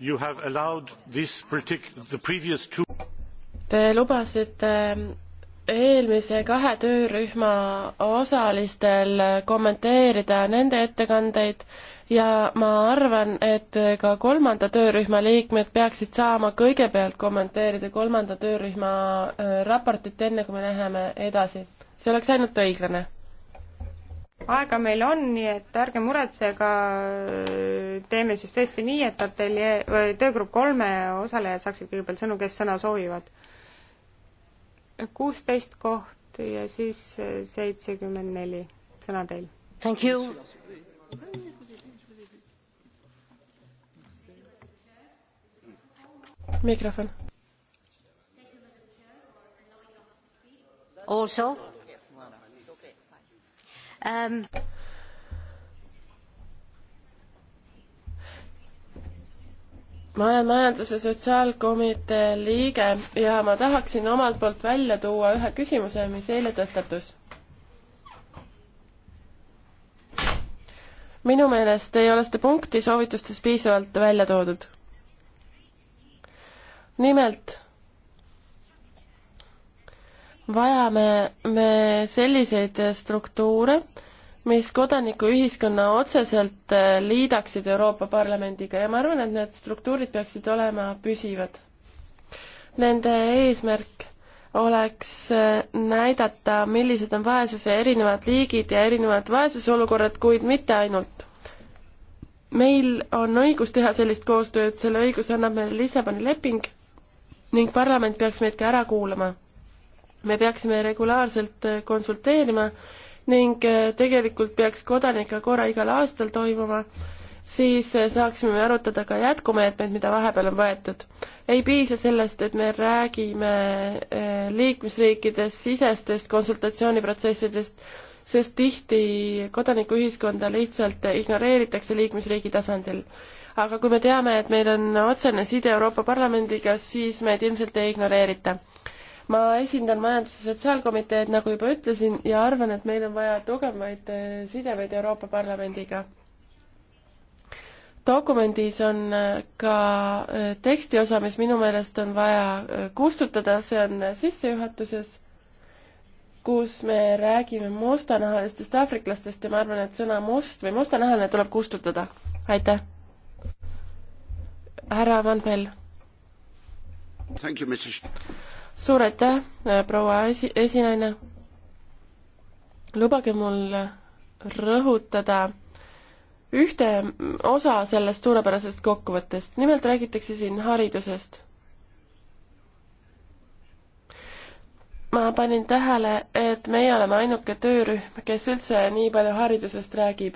You have allowed this partic-, the previous two Te lubasite ähm, eelmise kahe töörühma osalistel kommenteerida nende ettekandeid ja ma arvan, et ka kolmanda töörühma liikmed peaksid saama kõigepealt kommenteerida kolmanda töörühma äh, raportit, enne kui me läheme edasi. see oleks ainult õiglane aega meil on, nii et ärge muretsege, äh, teeme siis tõesti nii, et ateljee, töögrupp kolme osalejad saaksid kõigepealt sõnu, kes sõna soovivad. kuusteist koht ja siis äh, seitsekümmend neli, sõna teil. Thank you. mikrofon. Also um.... ma olen Majanduse Sotsiaalkomitee liige ja ma tahaksin omalt poolt välja tuua ühe küsimuse, mis eile tõstatus. minu meelest ei ole seda punkti soovitustes piisavalt välja toodud. nimelt vajame me selliseid struktuure, mis kodanikuühiskonna otseselt äh, liidaksid Euroopa Parlamendiga ja ma arvan, et need struktuurid peaksid olema püsivad. Nende eesmärk oleks äh, näidata, millised on vaesuse erinevad liigid ja erinevad vaesusolukorrad, kuid mitte ainult. meil on õigus teha sellist koostööd, selle õiguse annab meile Lissaboni leping ning parlament peaks meid ka ära kuulama me peaksime regulaarselt äh, konsulteerima ning äh, tegelikult peaks kodanike korra igal aastal toimuma, siis äh, saaksime arutada ka jätkumeetmed, mida vahepeal on võetud. ei piisa sellest, et me räägime liikmesriikides sisestest konsultatsiooniprotsessidest, sest tihti kodanikuühiskonda lihtsalt ignoreeritakse liikmesriigi tasandil. aga kui me teame, et meil on otsene side Euroopa Parlamendiga, siis meid ilmselt ei ignoreerita ma esindan Majandus- ja Sotsiaalkomiteed, nagu juba ütlesin, ja arvan, et meil on vaja tugevaid äh, sidemeid Euroopa Parlamendiga. dokumendis on äh, ka äh, tekstiosa, mis minu meelest on vaja kustutada, see on sissejuhatuses, kus me räägime mustanahalistest aafriklastest ja ma arvan, et sõna must või mustanahaline tuleb kustutada. aitäh! härra Van Pell suur aitäh, äh, proua esi-, esinaine. lubage mul rõhutada ühte osa sellest suurepärasest kokkuvõttest, nimelt räägitakse siin haridusest. ma panin tähele, et meie oleme ainuke töörühm, kes üldse nii palju haridusest räägib.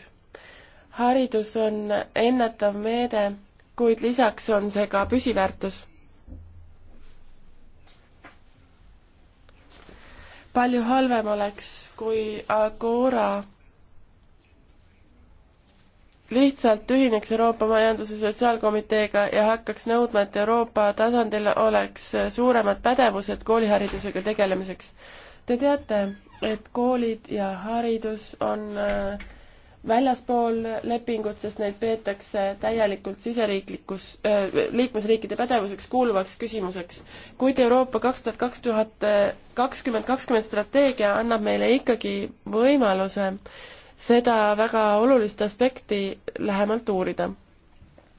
haridus on ennetav meede, kuid lisaks on see ka püsiväärtus palju halvem oleks, kui Agora lihtsalt ühineks Euroopa Majandus- ja Sotsiaalkomiteega ja hakkaks nõudma, et Euroopa tasandil oleks suuremad pädevused kooliharidusega tegelemiseks. Te teate, et koolid ja haridus on äh, väljaspool lepingut, sest neid peetakse täielikult siseriiklikus äh,, liikmesriikide pädevuseks kuuluvaks küsimuseks. kuid Euroopa kaks tuhat kaks tuhat kakskümmend kakskümmend strateegia annab meile ikkagi võimaluse seda väga olulist aspekti lähemalt uurida.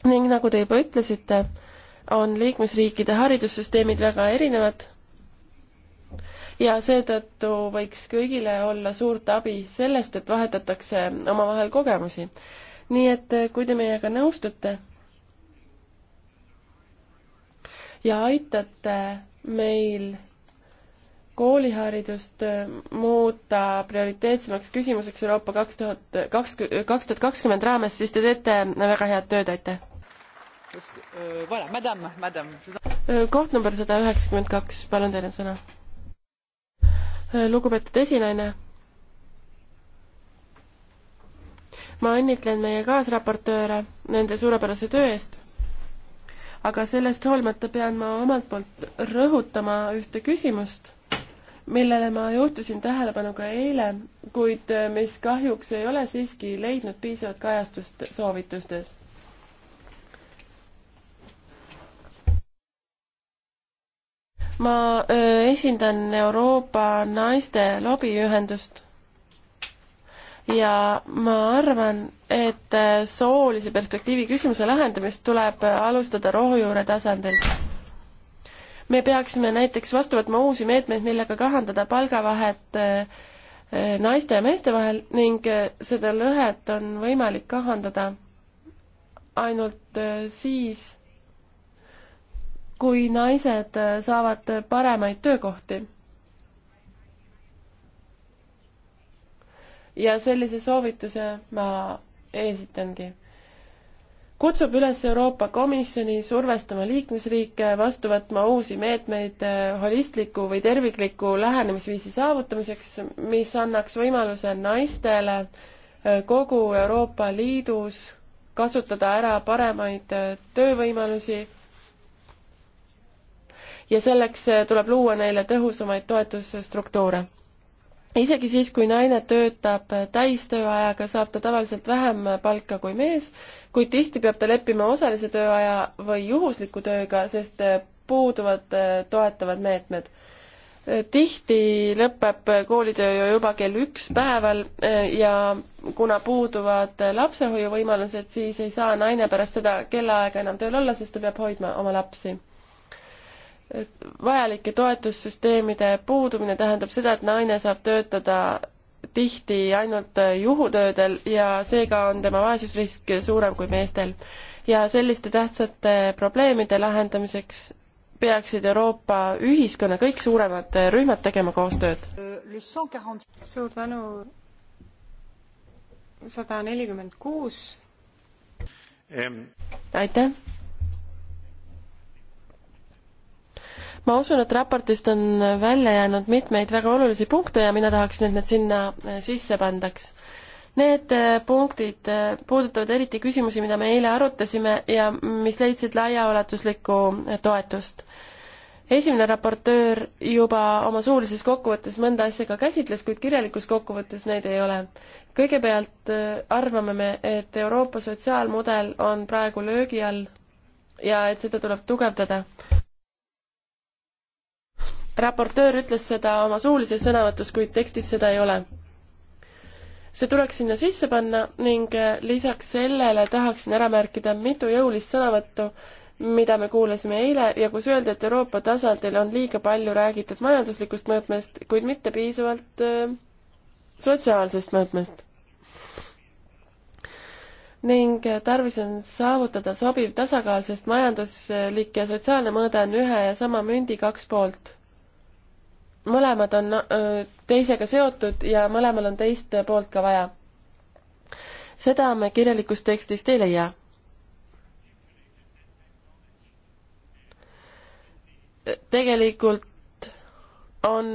ning nagu te juba ütlesite, on liikmesriikide haridussüsteemid väga erinevad ja seetõttu võiks kõigile olla suurt abi sellest, et vahetatakse omavahel kogemusi. nii et eh, kui te meiega nõustute ja aitate meil kooliharidust eh, muuta prioriteetsemaks küsimuseks Euroopa kaks tuhat kaks, kaks tuhat kakskümmend raames, siis te teete väga head tööd, aitäh! Euh, eh, koht number sada üheksakümmend kaks, palun teile sõna lugupeetud esinaine. ma õnnitlen meie kaasraportööre nende suurepärase töö eest, aga sellest hoolimata pean ma omalt poolt rõhutama ühte küsimust millele ma juhtisin tähelepanu ka eile, kuid mis kahjuks ei ole siiski leidnud piisavat kajastust soovitustes. ma esindan Euroopa naiste lobiühendust ja ma arvan, et soolise perspektiivi küsimuse lahendamist tuleb alustada rohujuure tasandil. me peaksime näiteks vastu võtma uusi meetmeid, millega kahandada palgavahet naiste ja meeste vahel ning seda lõhet on võimalik kahandada ainult siis kui naised äh, saavad paremaid töökohti. ja sellise soovituse ma esitangi kutsub üles Euroopa Komisjoni survestama liikmesriike vastu võtma uusi meetmeid äh, holistliku või tervikliku lähenemisviisi saavutamiseks, mis annaks võimaluse naistele äh, kogu Euroopa Liidus kasutada ära paremaid töövõimalusi ja selleks äh, tuleb luua neile tõhusamaid toetusstruktuure. isegi siis, kui naine töötab äh, täistööajaga, saab ta tavaliselt vähem äh, palka kui mees, kuid tihti peab ta leppima osalise tööaja või juhusliku tööga, sest puuduvad toetavad meetmed tihti lõpeb koolitöö ju juba kell üks päeval ja kuna puuduvad lapsehoiuvõimalused, siis ei saa naine pärast seda kellaaega enam tööl olla, sest ta peab hoidma oma lapsi vajalike toetussüsteemide puudumine tähendab seda, et naine saab töötada tihti ainult juhutöödel ja seega on tema vaesusrisk suurem kui meestel. ja selliste tähtsate probleemide lahendamiseks peaksid Euroopa ühiskonna kõik suuremad rühmad tegema koostööd. suur tänu. sada nelikümmend kuus. aitäh ma usun, et raportist on välja jäänud mitmeid väga olulisi punkte ja mina tahaksin, et need sinna äh, sisse pandaks. Need äh, punktid äh, puudutavad eriti küsimusi, mida me eile arutasime ja mis leidsid laiaulatuslikku toetust. esimene raportöör juba oma suulises kokkuvõttes mõnda asja ka käsitles, kuid kirjalikus kokkuvõttes neid ei ole. kõigepealt arvame me, et Euroopa sotsiaalmudel on praegu löögi all ja et seda tuleb tugevdada raportöör ütles seda oma suulises sõnavõtus, kuid tekstis seda ei ole. see tuleks sinna sisse panna ning äh, lisaks sellele tahaksin ära märkida mitu jõulist sõnavõttu, mida me kuulasime eile ja kus öeldi, et Euroopa tasandil on liiga palju räägitud majanduslikust mõõtmest, kuid mitte piisavalt äh, sotsiaalsest mõõtmest. ning äh, tarvis on saavutada sobiv tasakaal, sest majanduslik ja sotsiaalne mõõde on ühe ja sama mündi kaks poolt mõlemad on teisega seotud ja mõlemal on teist poolt ka vaja. seda me kirjalikust tekstist ei leia. tegelikult on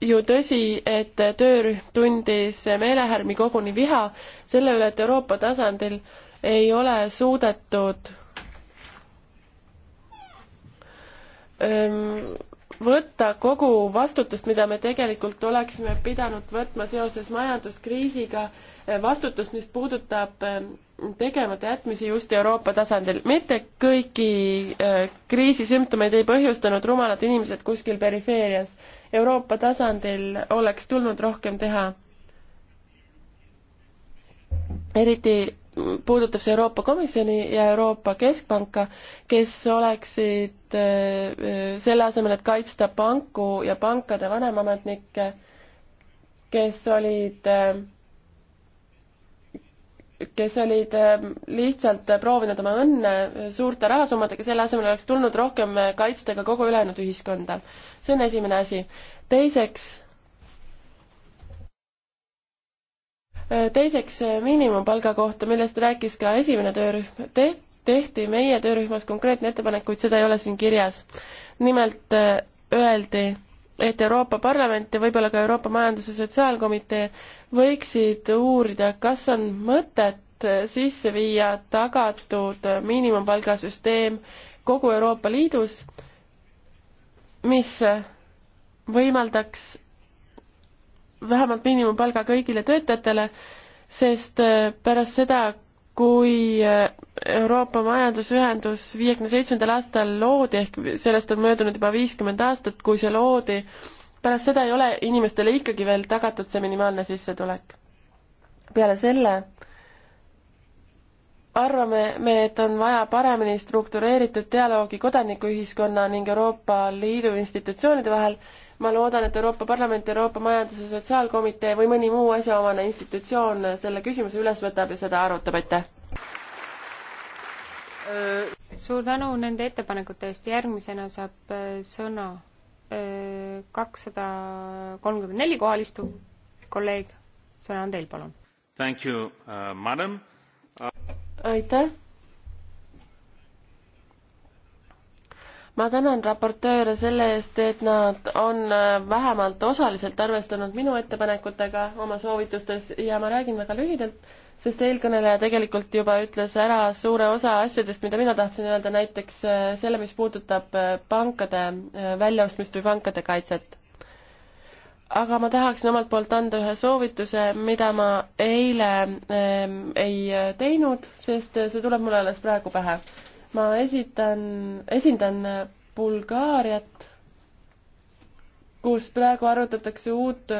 ju tõsi, et töörühm tundis meelehärmi koguni viha selle üle, et Euroopa tasandil ei ole suudetud öö, võtta kogu vastutust, mida me tegelikult oleksime pidanud võtma seoses majanduskriisiga, eh, vastutust, mis puudutab eh, tegemata jätmisi just Euroopa tasandil. mitte kõiki eh, kriisisümptomeid ei põhjustanud rumalad inimesed kuskil perifeerias. Euroopa tasandil oleks tulnud rohkem teha. eriti puudutab see Euroopa Komisjoni ja Euroopa Keskpanka, kes oleksid äh, selle asemel, et kaitsta panku ja pankade vanemametnikke, kes olid, äh, kes olid äh, lihtsalt proovinud oma õnne suurte rahasummadega, selle asemel oleks tulnud rohkem kaitsta ka kogu ülejäänud ühiskonda. see on esimene asi. teiseks teiseks miinimumpalga kohta, millest rääkis ka esimene töörühm, tehti meie töörühmas konkreetne ettepanek, kuid seda ei ole siin kirjas. nimelt äh, öeldi, et Euroopa Parlament ja võib-olla ka Euroopa Majandus- ja Sotsiaalkomitee võiksid uurida, kas on mõtet äh, sisse viia tagatud miinimumpalgasüsteem kogu Euroopa Liidus, mis võimaldaks vähemalt miinimumpalga kõigile töötajatele, sest äh, pärast seda, kui äh, Euroopa Majandusühendus viiekümne seitsmendal aastal loodi, ehk sellest on möödunud juba viiskümmend aastat, kui see loodi, pärast seda ei ole inimestele ikkagi veel tagatud see minimaalne sissetulek. peale selle arvame me, et on vaja paremini struktureeritud dialoogi kodanikuühiskonna ning Euroopa Liidu institutsioonide vahel ma loodan, et Euroopa Parlament, Euroopa Majandus- ja Sotsiaalkomitee või mõni muu asjaomane institutsioon selle küsimuse üles võtab ja seda arutab, aitäh! suur tänu nende ettepanekute eest, järgmisena saab äh, sõna äh, kakssada kolmkümmend neli kohal istuv kolleeg, sõna on teil, palun. Thank you uh,, madam uh.... aitäh ma tänan raportööre selle eest, et nad on äh, vähemalt osaliselt arvestanud minu ettepanekutega oma soovitustes ja ma räägin väga lühidalt, sest eelkõneleja tegelikult juba ütles ära suure osa asjadest, mida mina tahtsin öelda, näiteks äh, selle, mis puudutab äh, pankade väljaostmist või pankade kaitset. aga ma tahaksin omalt poolt anda ühe soovituse, mida ma eile ähm, ei teinud, sest see tuleb mulle alles praegu pähe ma esitan, esindan Bulgaariat, kus praegu arutatakse uut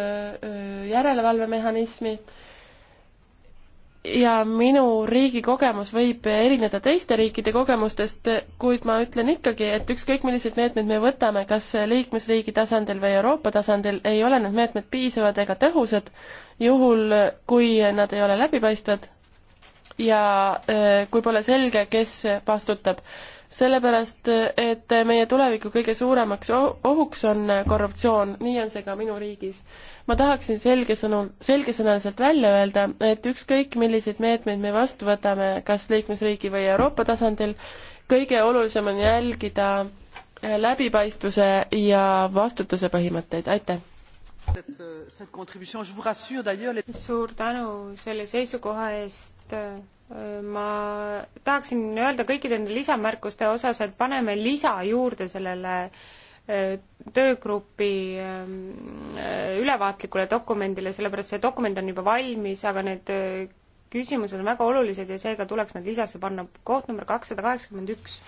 järelevalvemehhanismi ja minu riigi kogemus võib erineda teiste riikide kogemustest, kuid ma ütlen ikkagi, et ükskõik, milliseid meetmeid me võtame, kas liikmesriigi tasandil või Euroopa tasandil, ei ole need meetmed piisavad ega tõhusad, juhul kui nad ei ole läbipaistvad ja äh, kui pole selge, kes vastutab. sellepärast, äh, et meie tuleviku kõige suuremaks ohuks on äh, korruptsioon, nii on see ka minu riigis. ma tahaksin selge sõnul, selgesõnaliselt välja öelda, et ükskõik, milliseid meetmeid me vastu võtame, kas liikmesriigi või Euroopa tasandil, kõige olulisem on jälgida läbipaistvuse ja vastutuse põhimõtteid, aitäh! Euh, suur tänu selle seisukoha eest. Äh, ma tahaksin öelda kõikide nende lisamärkuste osas, et paneme lisa juurde sellele äh, töögrupi ähm, äh, ülevaatlikule dokumendile, sellepärast see dokument on juba valmis, aga need küsimused on väga olulised ja seega tuleks nad lisasse panna. koht number kakssada kaheksakümmend üks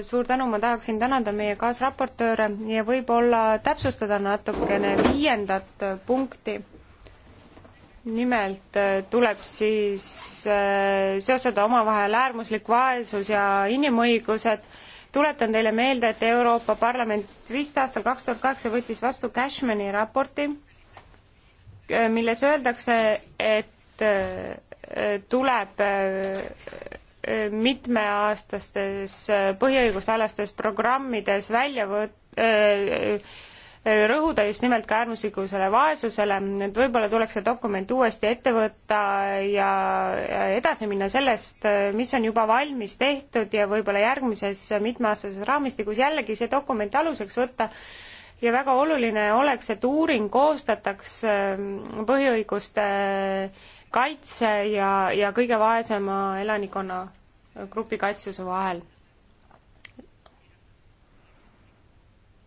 suur tänu, ma tahaksin tänada meie kaasraportööre ja võib-olla täpsustada natukene viiendat punkti. nimelt äh, tuleb siis äh, seostada omavahel äärmuslik vaesus ja inimõigused. tuletan teile meelde, et Euroopa Parlament vist aastal kaks tuhat kaheksa võttis vastu Cashmani raporti, äh, milles öeldakse, et tuleb mitmeaastastes äh, põhiõigustealastes programmides välja võt- öö, äh, äh, rõhuda just nimelt ka äärmuslikusele vaesusele, et võib-olla tuleks see dokument uuesti ette võtta ja edasi minna sellest, mis on juba valmis tehtud ja võib-olla järgmises mitmeaastases raamistikus jällegi see dokument aluseks võtta ja väga oluline oleks, et uuring koostataks põhiõiguste äh, kaitse ja, ja kõige vaesema elanikkonna äh, grupi kaitsuse vahel.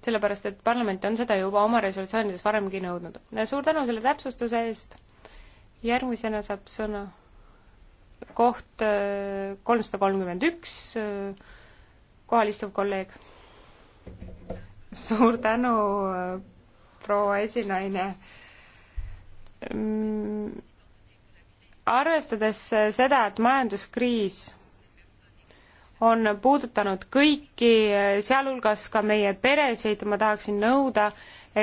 sellepärast, et parlament on seda juba oma resolutsioonides varemgi nõudnud. suur tänu selle täpsustuse eest, järgmisena saab sõna koht äh, kolmsada kolmkümmend üks, äh, kohal istuv kolleeg. suur tänu, proua esinaine mm, arvestades seda, et majanduskriis on puudutanud kõiki, sealhulgas ka meie peresid, ma tahaksin nõuda,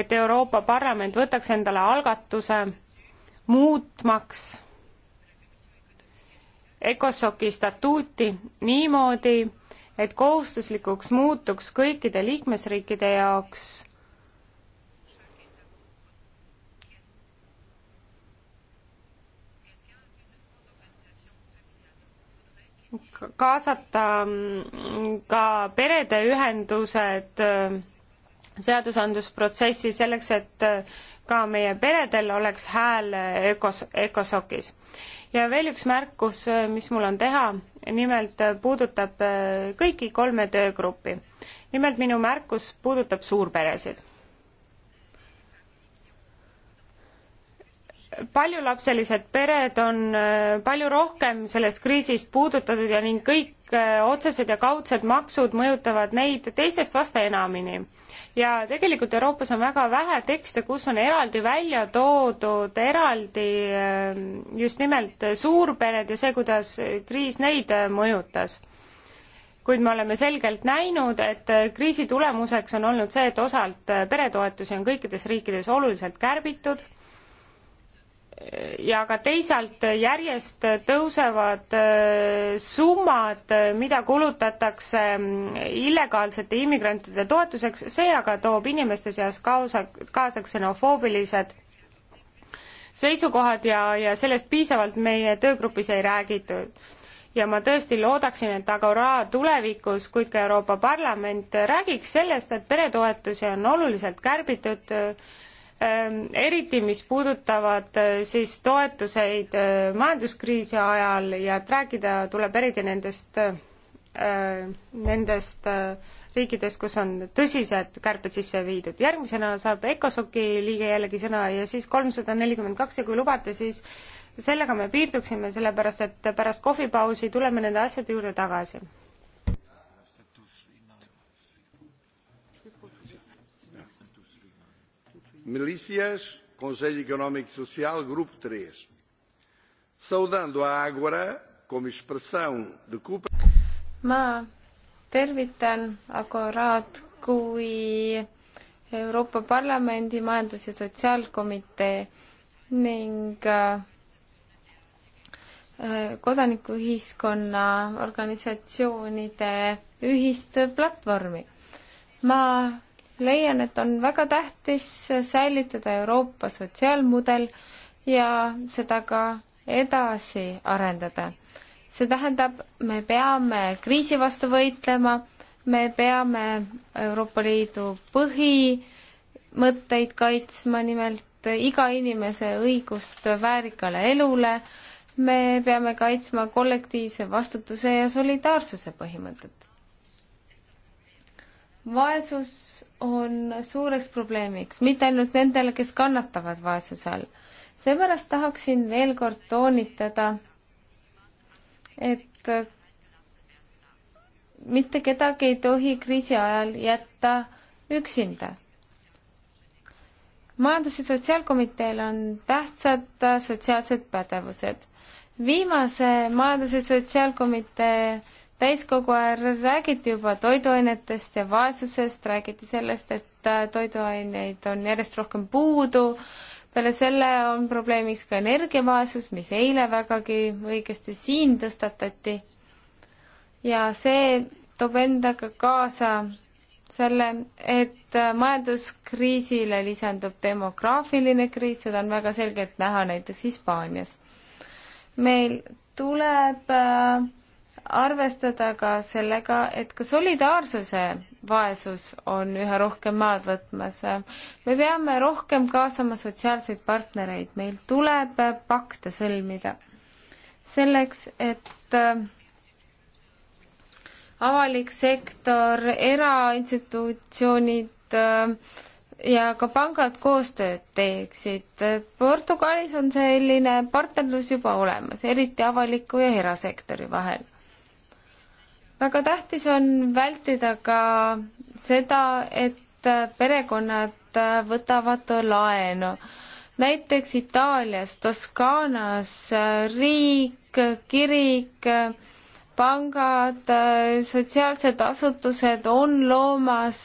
et Euroopa Parlament võtaks endale algatuse muutmaks ECOSOC-i statuuti niimoodi, et kohustuslikuks muutuks kõikide liikmesriikide jaoks kaasata mm, ka perede ühendused äh, seadusandlusprotsessi selleks, et äh, ka meie peredel oleks hääl ökos, ökosokis. ja veel üks märkus, äh, mis mul on teha, nimelt puudutab kõiki kolme töögruppi. nimelt minu märkus puudutab suurperesid paljulapselised pered on äh, palju rohkem sellest kriisist puudutatud ja ning kõik äh, otsesed ja kaudsed maksud mõjutavad neid teistest vasta enamini. ja tegelikult Euroopas on väga vähe tekste, kus on eraldi välja toodud eraldi äh, just nimelt suurpered ja see, kuidas kriis neid mõjutas kuid me oleme selgelt näinud, et kriisi tulemuseks on olnud see, et osalt peretoetusi on kõikides riikides oluliselt kärbitud ja ka teisalt järjest tõusevad äh, summad, mida kulutatakse mm, illegaalsete immigrantide toetuseks, see aga toob inimeste seas kaasa, kaasa ksenofoobilised seisukohad ja, ja sellest piisavalt meie töögrupis ei räägitud ja ma tõesti loodaksin, et Agora tulevikus, kuid ka Euroopa Parlament räägiks sellest, et peretoetusi on oluliselt kärbitud äh, Ehm, eriti mis puudutavad äh, siis toetuseid äh, majanduskriisi ajal ja et rääkida tuleb eriti nendest, äh, nendest riikidest, kus on tõsised kärped sisse viidud. järgmisena saab ECOSOC-i liige jällegi sõna ja siis kolmsada nelikümmend kaks ja kui lubate, siis sellega me piirduksime, sellepärast et pärast kohvipausi tuleme nende asjade juurde tagasi Milícias, Conselho Económico e Social, Grupo 3. Saudando a Ágora como expressão de culpa. Ma tervitan Agorat kui Euroopa Parlamendi majandus- ja sotsiaalkomitee ning äh, kodanikuühiskonna organisatsioonide ühist platvormi. ma leian, et on väga tähtis säilitada Euroopa sotsiaalmudel ja seda ka edasi arendada. see tähendab, me peame kriisi vastu võitlema, me peame Euroopa Liidu põhimõtteid kaitsma, nimelt iga inimese õigust väärikale elule, me peame kaitsma kollektiivse vastutuse ja solidaarsuse põhimõtet vaesus on suureks probleemiks, mitte ainult nendele, kes kannatavad vaesuse all. seepärast tahaksin veel kord toonitada, et mitte kedagi ei tohi kriisi ajal jätta üksinda majandus- ja sotsiaalkomiteel on tähtsad sotsiaalsed pädevused. viimase majandus- ja sotsiaalkomitee täiskogu ajal räägiti juba toiduainetest ja vaesusest, räägiti sellest, et äh, toiduaineid on järjest rohkem puudu, peale selle on probleemiks ka energiavaesus, mis eile vägagi õigesti siin tõstatati. ja see toob endaga kaasa selle, et äh, majanduskriisile lisandub demograafiline kriis, seda on väga selgelt näha näiteks Hispaanias. meil tuleb äh, arvestada ka sellega, et ka solidaarsuse vaesus on üha rohkem maad võtmas. me peame rohkem kaasama sotsiaalseid partnereid, meil tuleb pakte sõlmida selleks, et äh, avalik sektor, erainstitutsioonid äh, ja ka pangad koostööd teeksid. Portugalis on selline partnerlus juba olemas, eriti avaliku ja erasektori vahel väga tähtis on vältida ka seda, et perekonnad võtavad laenu. näiteks Itaalias, Toskaanas riik, kirik, pangad, sotsiaalsed asutused on loomas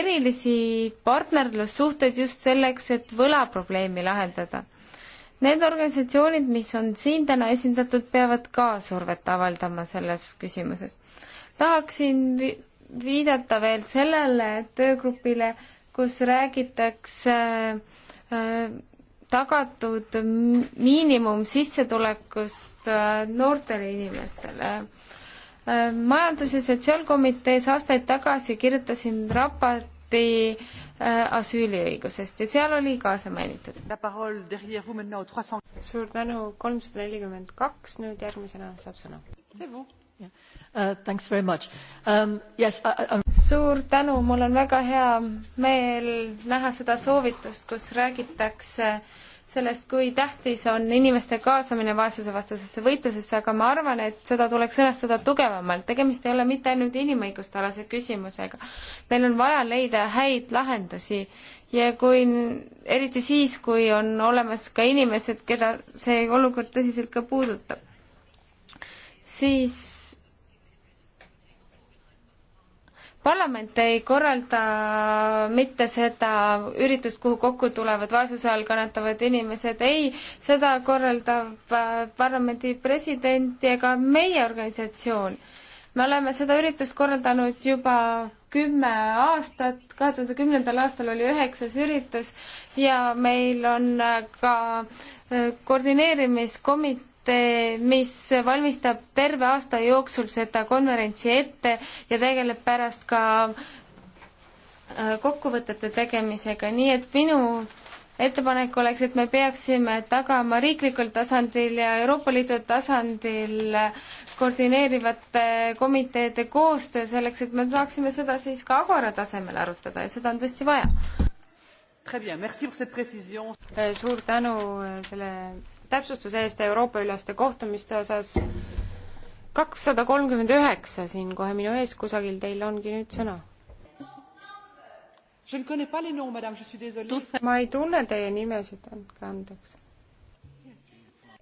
erilisi partnerlussuhteid just selleks, et võlaprobleemi lahendada Need organisatsioonid, mis on siin täna esindatud, peavad ka survet avaldama selles küsimuses. tahaksin vi viidata veel sellele töögrupile, kus räägitakse äh, tagatud miinimumsissetulekust äh, noortele inimestele äh,. majandus- ja sotsiaalkomitees aastaid tagasi kirjutasin raport räägiti äh, asüüliõigusest ja seal oli ka see mainitud. suur tänu, kolmsada nelikümmend kaks, nüüd järgmisena saab sõna. Uh, um, suur tänu, mul on väga hea meel näha seda soovitust, kus räägitakse äh, sellest, kui tähtis on inimeste kaasamine vaesusevastasesse võitlusesse, aga ma arvan, et seda tuleks sõnastada tugevamalt. tegemist ei ole mitte ainult inimõiguste alase küsimusega. meil on vaja leida häid lahendusi ja kui, eriti siis, kui on olemas ka inimesed, keda see olukord tõsiselt ka puudutab, siis parlament ei korralda mitte seda üritust, kuhu kokku tulevad vaesuse all kannatavad inimesed, ei, seda korraldab äh, parlamendi president ja ka meie organisatsioon. me oleme seda üritust korraldanud juba kümme aastat, kahe tuhande kümnendal aastal oli üheksas üritus ja meil on äh, ka äh, koordineerimiskomitee, Eh, mis valmistab terve aasta jooksul seda konverentsi ette ja tegeleb pärast ka eh, kokkuvõtete tegemisega, nii et minu ettepanek oleks, et me peaksime tagama riiklikul tasandil ja Euroopa Liidu tasandil koordineerivate komiteede koostöö selleks, et me saaksime seda siis ka Agora tasemel arutada ja seda on tõesti vaja. suur tänu selle täpsustuse eest Euroopa-üleste kohtumiste osas. kakssada kolmkümmend üheksa siin kohe minu ees kusagil, teil ongi nüüd sõna. ma ei tunne teie nimesid, andke andeks.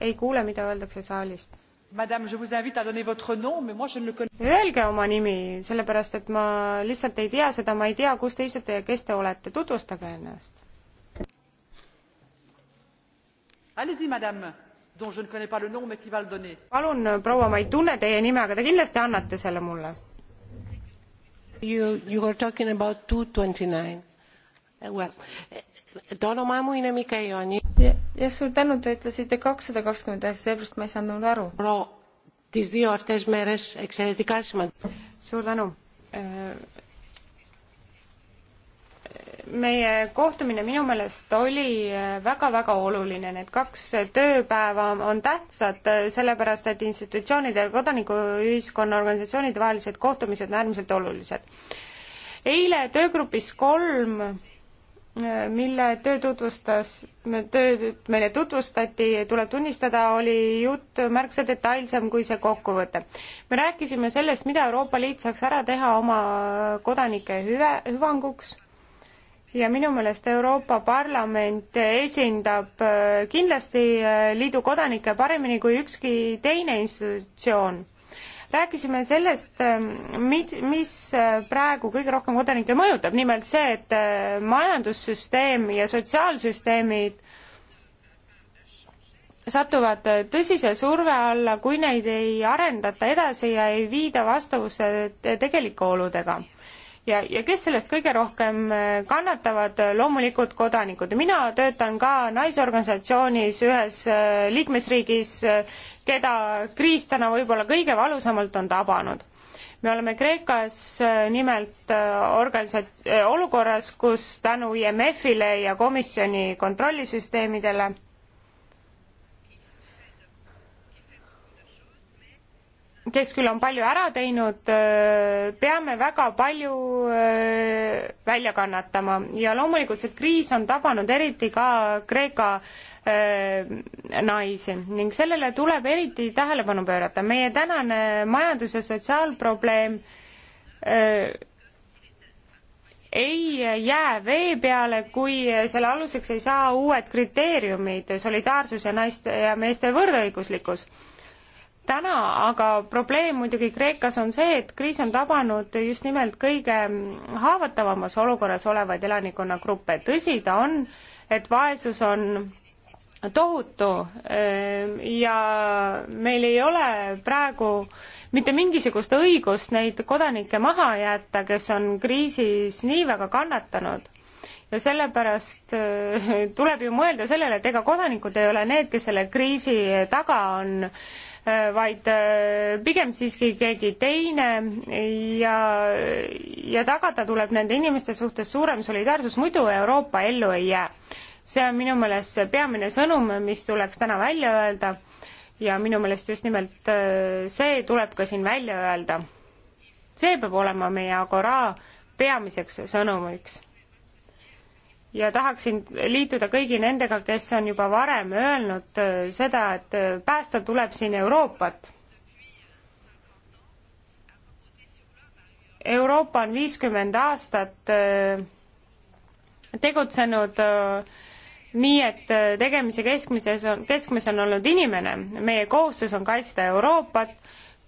ei kuule, mida öeldakse saalist. Öelge oma nimi, sellepärast et ma lihtsalt ei tea seda, ma ei tea, kus te istute ja kes te olete, tutvustage ennast palun proua, ma ei tunne teie nime, aga te kindlasti annate selle mulle. You, you were talking about two twenty nine. Well, ta oma ammu ei mikä ei ole nii. jah, suur tänu, te ütlesite kakssada kakskümmend üheksa, seepärast ma ei saanud aru. no, tis di ortes meres, eks see tika asma. suur tänu äh, meie kohtumine minu meelest oli väga-väga äh, oluline, need kaks tööpäeva on tähtsad, äh, sellepärast et institutsioonide ja kodanikuühiskonna organisatsioonide vahelised kohtumised on äärmiselt olulised. eile töögrupis kolm, äh, mille töö tutvustas, töö meile tutvustati, tuleb tunnistada, oli jutt märksa detailsem kui see kokkuvõte. me rääkisime sellest, mida Euroopa Liit saaks ära teha oma kodanike hüve, hüvanguks ja minu meelest Euroopa Parlament esindab äh, kindlasti äh, liidu kodanikke paremini kui ükski teine institutsioon. rääkisime sellest, äh, mid-, mis praegu kõige rohkem kodanikke mõjutab, nimelt see, et majandussüsteem ja sotsiaalsüsteemid satuvad tõsise surve alla, kui neid ei arendata edasi ja ei viida vastavusse tegelike oludega ja, ja kes sellest kõige rohkem äh, kannatavad, loomulikult kodanikud. mina töötan ka naisorganisatsioonis ühes äh, liikmesriigis, äh, keda kriis täna võib-olla kõige valusamalt on tabanud me oleme Kreekas nimelt organisa-, olukorras, kus tänu IMF-ile ja komisjoni kontrollisüsteemidele kes küll on palju ära teinud, peame väga palju välja kannatama ja loomulikult see kriis on tabanud eriti ka Kreeka naisi ning sellele tuleb eriti tähelepanu pöörata. meie tänane majandus- ja sotsiaalprobleem ei jää vee peale, kui selle aluseks ei saa uued kriteeriumid, solidaarsus ja naiste ja meeste võrdõiguslikkus täna, aga probleem muidugi Kreekas on see, et kriis on tabanud just nimelt kõige haavatavamas olukorras olevaid elanikkonnagruppe. tõsi ta on, et vaesus on tohutu ehm, ja meil ei ole praegu mitte mingisugust õigust neid kodanikke maha jätta, kes on kriisis nii väga kannatanud ja sellepärast ehm, tuleb ju mõelda sellele, et ega kodanikud ei ole need, kes selle kriisi taga on. Äh, vaid äh, pigem siiski keegi teine ja, ja tagada tuleb nende inimeste suhtes suurem solidaarsus, muidu Euroopa ellu ei jää. see on minu meelest see peamine sõnum, mis tuleks täna välja öelda ja minu meelest just nimelt äh, see tuleb ka siin välja öelda. see peab olema meie Agora peamiseks sõnumiks ja tahaksin liituda kõigi nendega, kes on juba varem öelnud äh, seda, et äh, päästa tuleb siin Euroopat. Euroopa on viiskümmend aastat äh, tegutsenud nii, et tegemise keskmises on, keskmes on olnud inimene. meie kohustus on kaitsta Euroopat,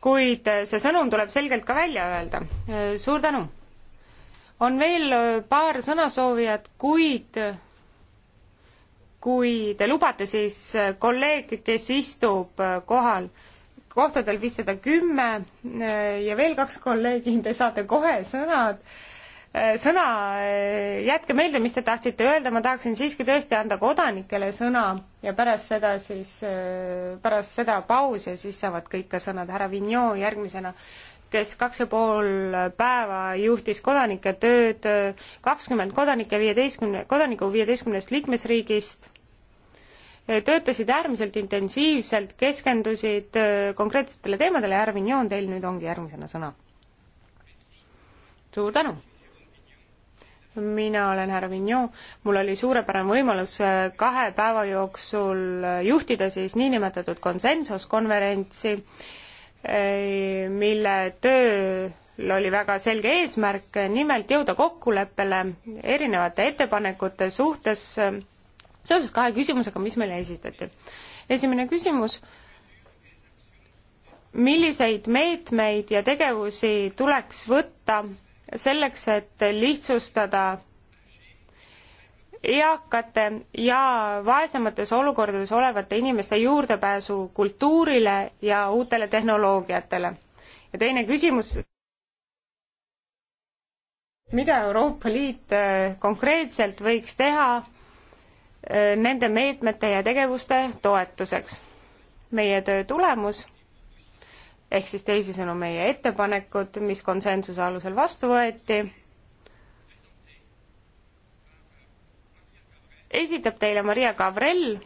kuid see sõnum tuleb selgelt ka välja öelda. suur tänu! on veel äh, paar sõnasoovijat, kuid kui te lubate, siis äh, kolleeg, kes istub äh, kohal, kohtadel viissada kümme ja veel kaks kolleegi, te saate kohe sõnad, sõna, jätke meelde, mis te tahtsite öelda, ma tahaksin siiski tõesti anda kodanikele sõna ja pärast seda siis, pärast seda paus ja siis saavad kõik ka sõnad, härra Vignon järgmisena kes kaks ja pool päeva juhtis kodanike tööd, kakskümmend kodanike viieteistkümne, kodaniku viieteistkümnest liikmesriigist, töötasid äärmiselt intensiivselt, keskendusid äh, konkreetsetele teemadele ja Arvin Joon, teil nüüd ongi järgmisena sõna. suur tänu! mina olen härra Vignon, mul oli suurepärane võimalus äh, kahe päeva jooksul äh, juhtida siis niinimetatud konsensuskonverentsi, mille tööl oli väga selge eesmärk, nimelt jõuda kokkuleppele erinevate ettepanekute suhtes seoses kahe küsimusega, mis meile esitati. esimene küsimus, milliseid meetmeid ja tegevusi tuleks võtta selleks, et lihtsustada eakate ja vaesemates olukordades olevate inimeste juurdepääsu kultuurile ja uutele tehnoloogiatele. ja teine küsimus mida Euroopa Liit äh, konkreetselt võiks teha äh, nende meetmete ja tegevuste toetuseks. meie töö tulemus ehk siis teisisõnu meie ettepanekud, mis konsensuse alusel vastu võeti esitab teile Maria Gavrell,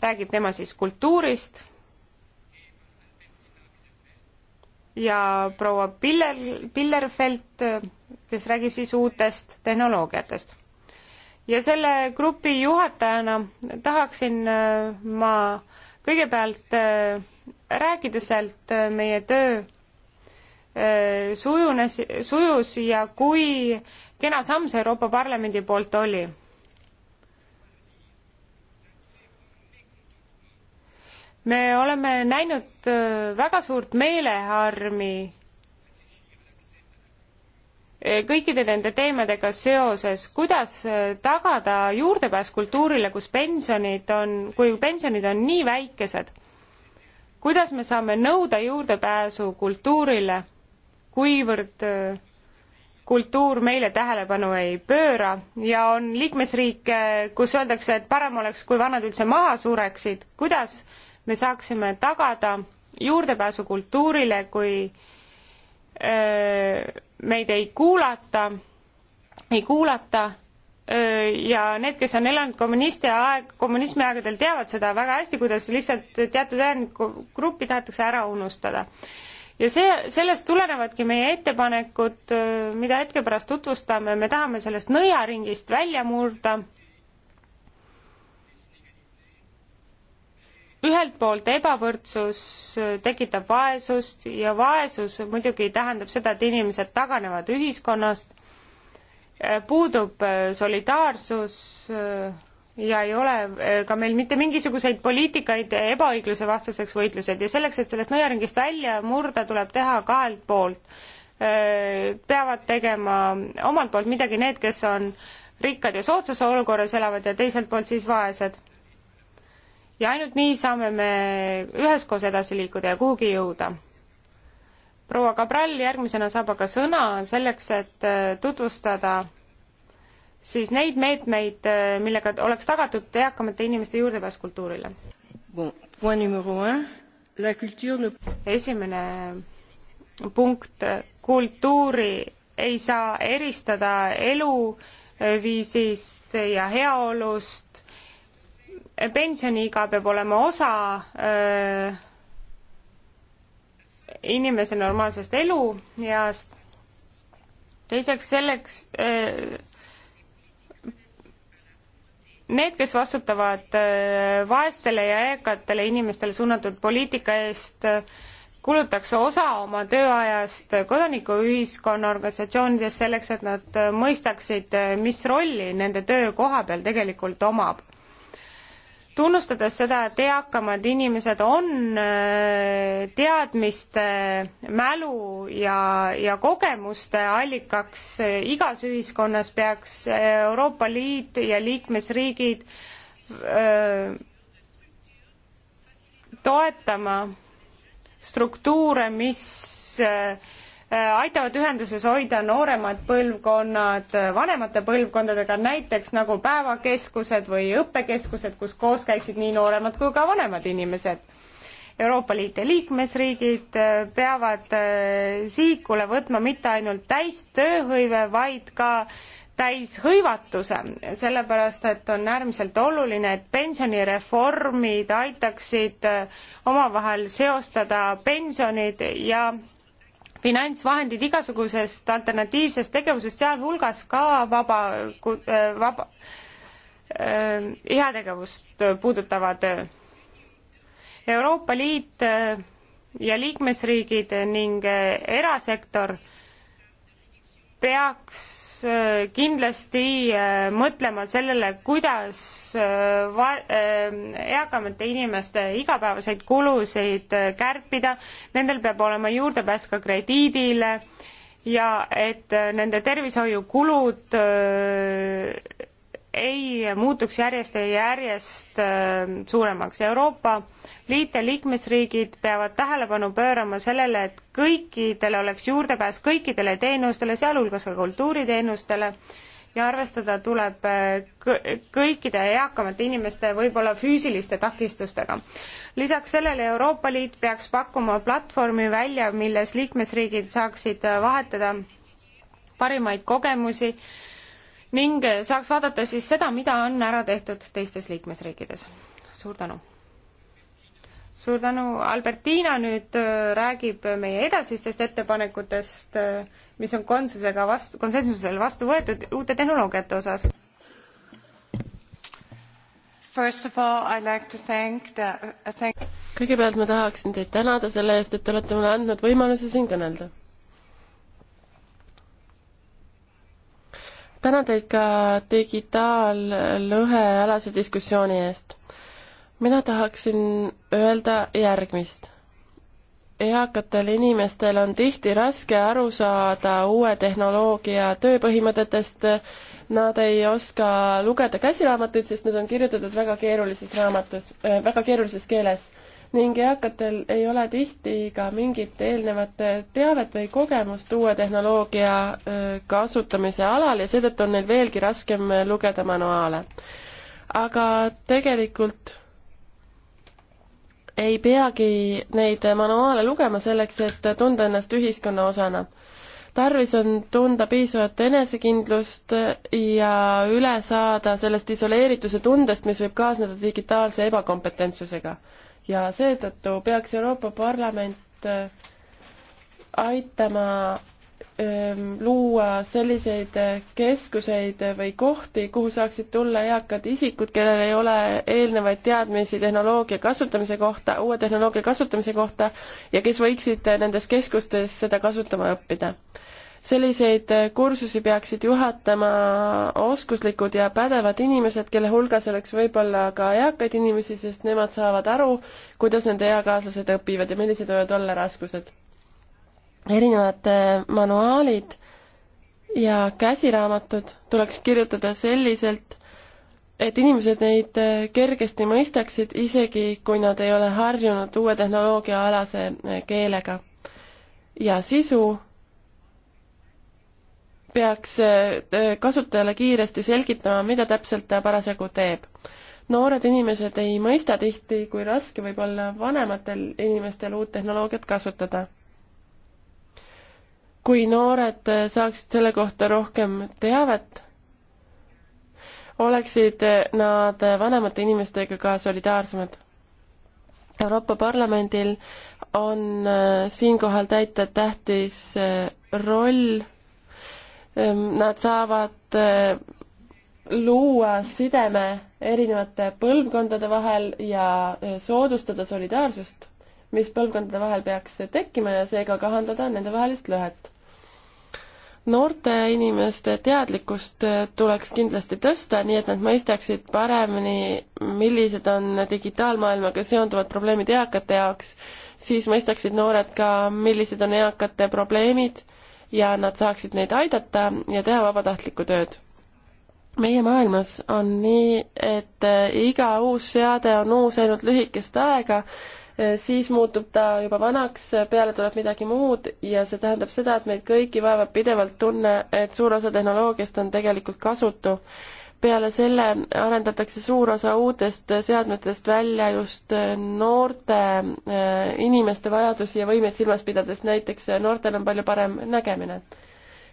räägib tema siis kultuurist ja proua Piller, Pillerfeld, kes räägib siis uutest tehnoloogiatest. ja selle grupi juhatajana tahaksin äh, ma kõigepealt äh, rääkida sealt äh, meie töö sujunes, sujus ja kui kena samm see Euroopa Parlamendi poolt oli. me oleme näinud äh, väga suurt meeleharmi äh, kõikide nende teemadega seoses, kuidas äh, tagada juurdepääs kultuurile, kus pensionid on, kui pensionid on nii väikesed, kuidas me saame nõuda juurdepääsu kultuurile, kuivõrd kultuur meile tähelepanu ei pööra ja on liikmesriike, kus öeldakse, et parem oleks, kui vanad üldse maha sureksid. kuidas me saaksime tagada juurdepääsu kultuurile, kui öö, meid ei kuulata, ei kuulata öö, ja need, kes on elanud kommunisti aeg, kommunismi aegadel, teavad seda väga hästi, kuidas lihtsalt teatud elanikugrupi tahetakse ära unustada ja see, sellest tulenevadki meie ettepanekud, mida hetke pärast tutvustame, me tahame sellest nõiaringist välja murda. ühelt poolt ebavõrdsus tekitab vaesust ja vaesus muidugi tähendab seda, et inimesed taganevad ühiskonnast, puudub solidaarsus ja ei ole äh, ka meil mitte mingisuguseid poliitikaid ebaõigluse vastaseks võitlused ja selleks, et sellest nõiaringist välja murda, tuleb teha kahelt poolt. Äh, peavad tegema omalt poolt midagi need, kes on rikkad ja soodsas olukorras elavad ja teiselt poolt siis vaesed. ja ainult nii saame me üheskoos edasi liikuda ja kuhugi jõuda. proua Cabral järgmisena saab aga sõna selleks, et äh, tutvustada siis neid meetmeid, äh, millega oleks tagatud eakamate inimeste juurdepääs kultuurile bon,. Ne... esimene punkt, kultuuri ei saa eristada eluviisist ja heaolust, pensioniiga peab olema osa öö, äh, inimese normaalsest elujast, teiseks selleks öö, äh, need, kes vastutavad äh, vaestele ja eakatele inimestele suunatud poliitika eest, äh, kulutakse osa oma tööajast kodanikuühiskonna organisatsioonides selleks, et nad äh, mõistaksid, mis rolli nende töö koha peal tegelikult omab tunnustades seda, et eakamad inimesed on äh, teadmiste, äh, mälu ja, ja kogemuste allikaks äh, igas ühiskonnas, peaks Euroopa Liit ja liikmesriigid öö, toetama struktuure, mis öö, Äh, aitavad ühenduses hoida nooremad põlvkonnad äh, vanemate põlvkondadega, näiteks nagu päevakeskused või õppekeskused, kus koos käiksid nii nooremad kui ka vanemad inimesed. Euroopa Liidu liikmesriigid äh, peavad siikule võtma mitte ainult täistööhõive, vaid ka täishõivatuse, sellepärast et on äärmiselt oluline, et pensionireformid aitaksid omavahel seostada pensionid ja finantsvahendid igasugusest alternatiivsest tegevusest, sealhulgas ka vaba, äh, vaba äh,, heategevust puudutava töö. Euroopa Liit äh, ja liikmesriigid ning äh, erasektor äh, peaks äh, kindlasti äh, mõtlema sellele, kuidas äh, va-, eakamate inimeste igapäevaseid kulusid kärpida, nendel peab olema juurdepääs ka krediidile ja et nende tervishoiukulud ei muutuks järjest ja järjest äh, suuremaks. Euroopa Liit ja liikmesriigid peavad tähelepanu pöörama sellele, et kõikidel oleks juurdepääs kõikidele teenustele, sealhulgas ka kultuuriteenustele ja arvestada tuleb äh, kõikide eakamate inimeste võib-olla füüsiliste takistustega. lisaks sellele Euroopa Liit peaks pakkuma platvormi välja, milles liikmesriigid saaksid äh, vahetada parimaid kogemusi ning saaks vaadata siis seda, mida on ära tehtud teistes liikmesriikides. suur tänu! suur tänu, Albertina nüüd äh, räägib meie edasistest ettepanekutest, äh, mis on konsusega vastu, konsensusel vastu võetud uute tehnoloogiate osas. Uh, kõigepealt ma tahaksin teid tänada selle eest, et te olete mulle andnud võimaluse siin kõnelda tänan teid ka digitaallõhealase diskussiooni eest. mina tahaksin öelda järgmist. eakatel inimestel on tihti raske aru saada uue tehnoloogia tööpõhimõtetest. Nad ei oska lugeda käsiraamatuid, sest need on kirjutatud väga keerulises raamatus äh,, väga keerulises keeles ning eakatel ei ole tihti ka mingit eelnevat teavet või kogemust uue tehnoloogia kasutamise alal ja seetõttu on neil veelgi raskem lugeda manuaale. aga tegelikult ei peagi neid manuaale lugema selleks, et tunda ennast ühiskonna osana tarvis on tunda piisavat enesekindlust ja üle saada sellest isoleerituse tundest, mis võib kaasneda digitaalse ebakompetentsusega ja seetõttu peaks Euroopa Parlament äh, aitama ähm, luua selliseid äh, keskuseid või kohti, kuhu saaksid tulla eakad isikud, kellel ei ole eelnevaid teadmisi tehnoloogia kasutamise kohta, uue tehnoloogia kasutamise kohta ja kes võiksid äh, nendes keskustes seda kasutama õppida selliseid äh, kursusi peaksid juhatama oskuslikud ja pädevad inimesed, kelle hulgas oleks võib-olla ka eakaid inimesi, sest nemad saavad aru, kuidas nende eakaaslased õpivad ja millised võivad olla raskused. erinevad äh, manuaalid ja käsiraamatud tuleks kirjutada selliselt, et inimesed neid äh, kergesti mõistaksid, isegi kui nad ei ole harjunud uue tehnoloogia alase keelega. ja sisu peaks äh, kasutajale kiiresti selgitama, mida täpselt ta parasjagu teeb. noored inimesed ei mõista tihti, kui raske võib olla vanematel inimestel uut tehnoloogiat kasutada. kui noored äh, saaksid selle kohta rohkem teavet, oleksid äh, nad vanemate inimestega ka solidaarsemad. Euroopa Parlamendil on siinkohal täita tähtis roll Ehm, nad saavad eh, luua sideme erinevate põlvkondade vahel ja eh, soodustada solidaarsust, mis põlvkondade vahel peaks tekkima ja seega kahandada nendevahelist lõhet. noorte inimeste teadlikkust eh, tuleks kindlasti tõsta, nii et nad mõistaksid paremini, millised on digitaalmaailmaga seonduvad probleemid eakate jaoks, siis mõistaksid noored ka, millised on eakate probleemid ja nad saaksid neid aidata ja teha vabatahtlikku tööd. meie maailmas on nii, et eh, iga uus seade on uus ainult lühikest aega, eh, siis muutub ta juba vanaks, peale tuleb midagi muud ja see tähendab seda, et meid kõiki vaevab pidevalt tunne, et suur osa tehnoloogiast on tegelikult kasutu peale selle arendatakse suur osa uutest seadmetest välja just äh, noorte äh, inimeste vajadusi ja võimeid silmas pidades, näiteks äh, noortel on palju parem nägemine.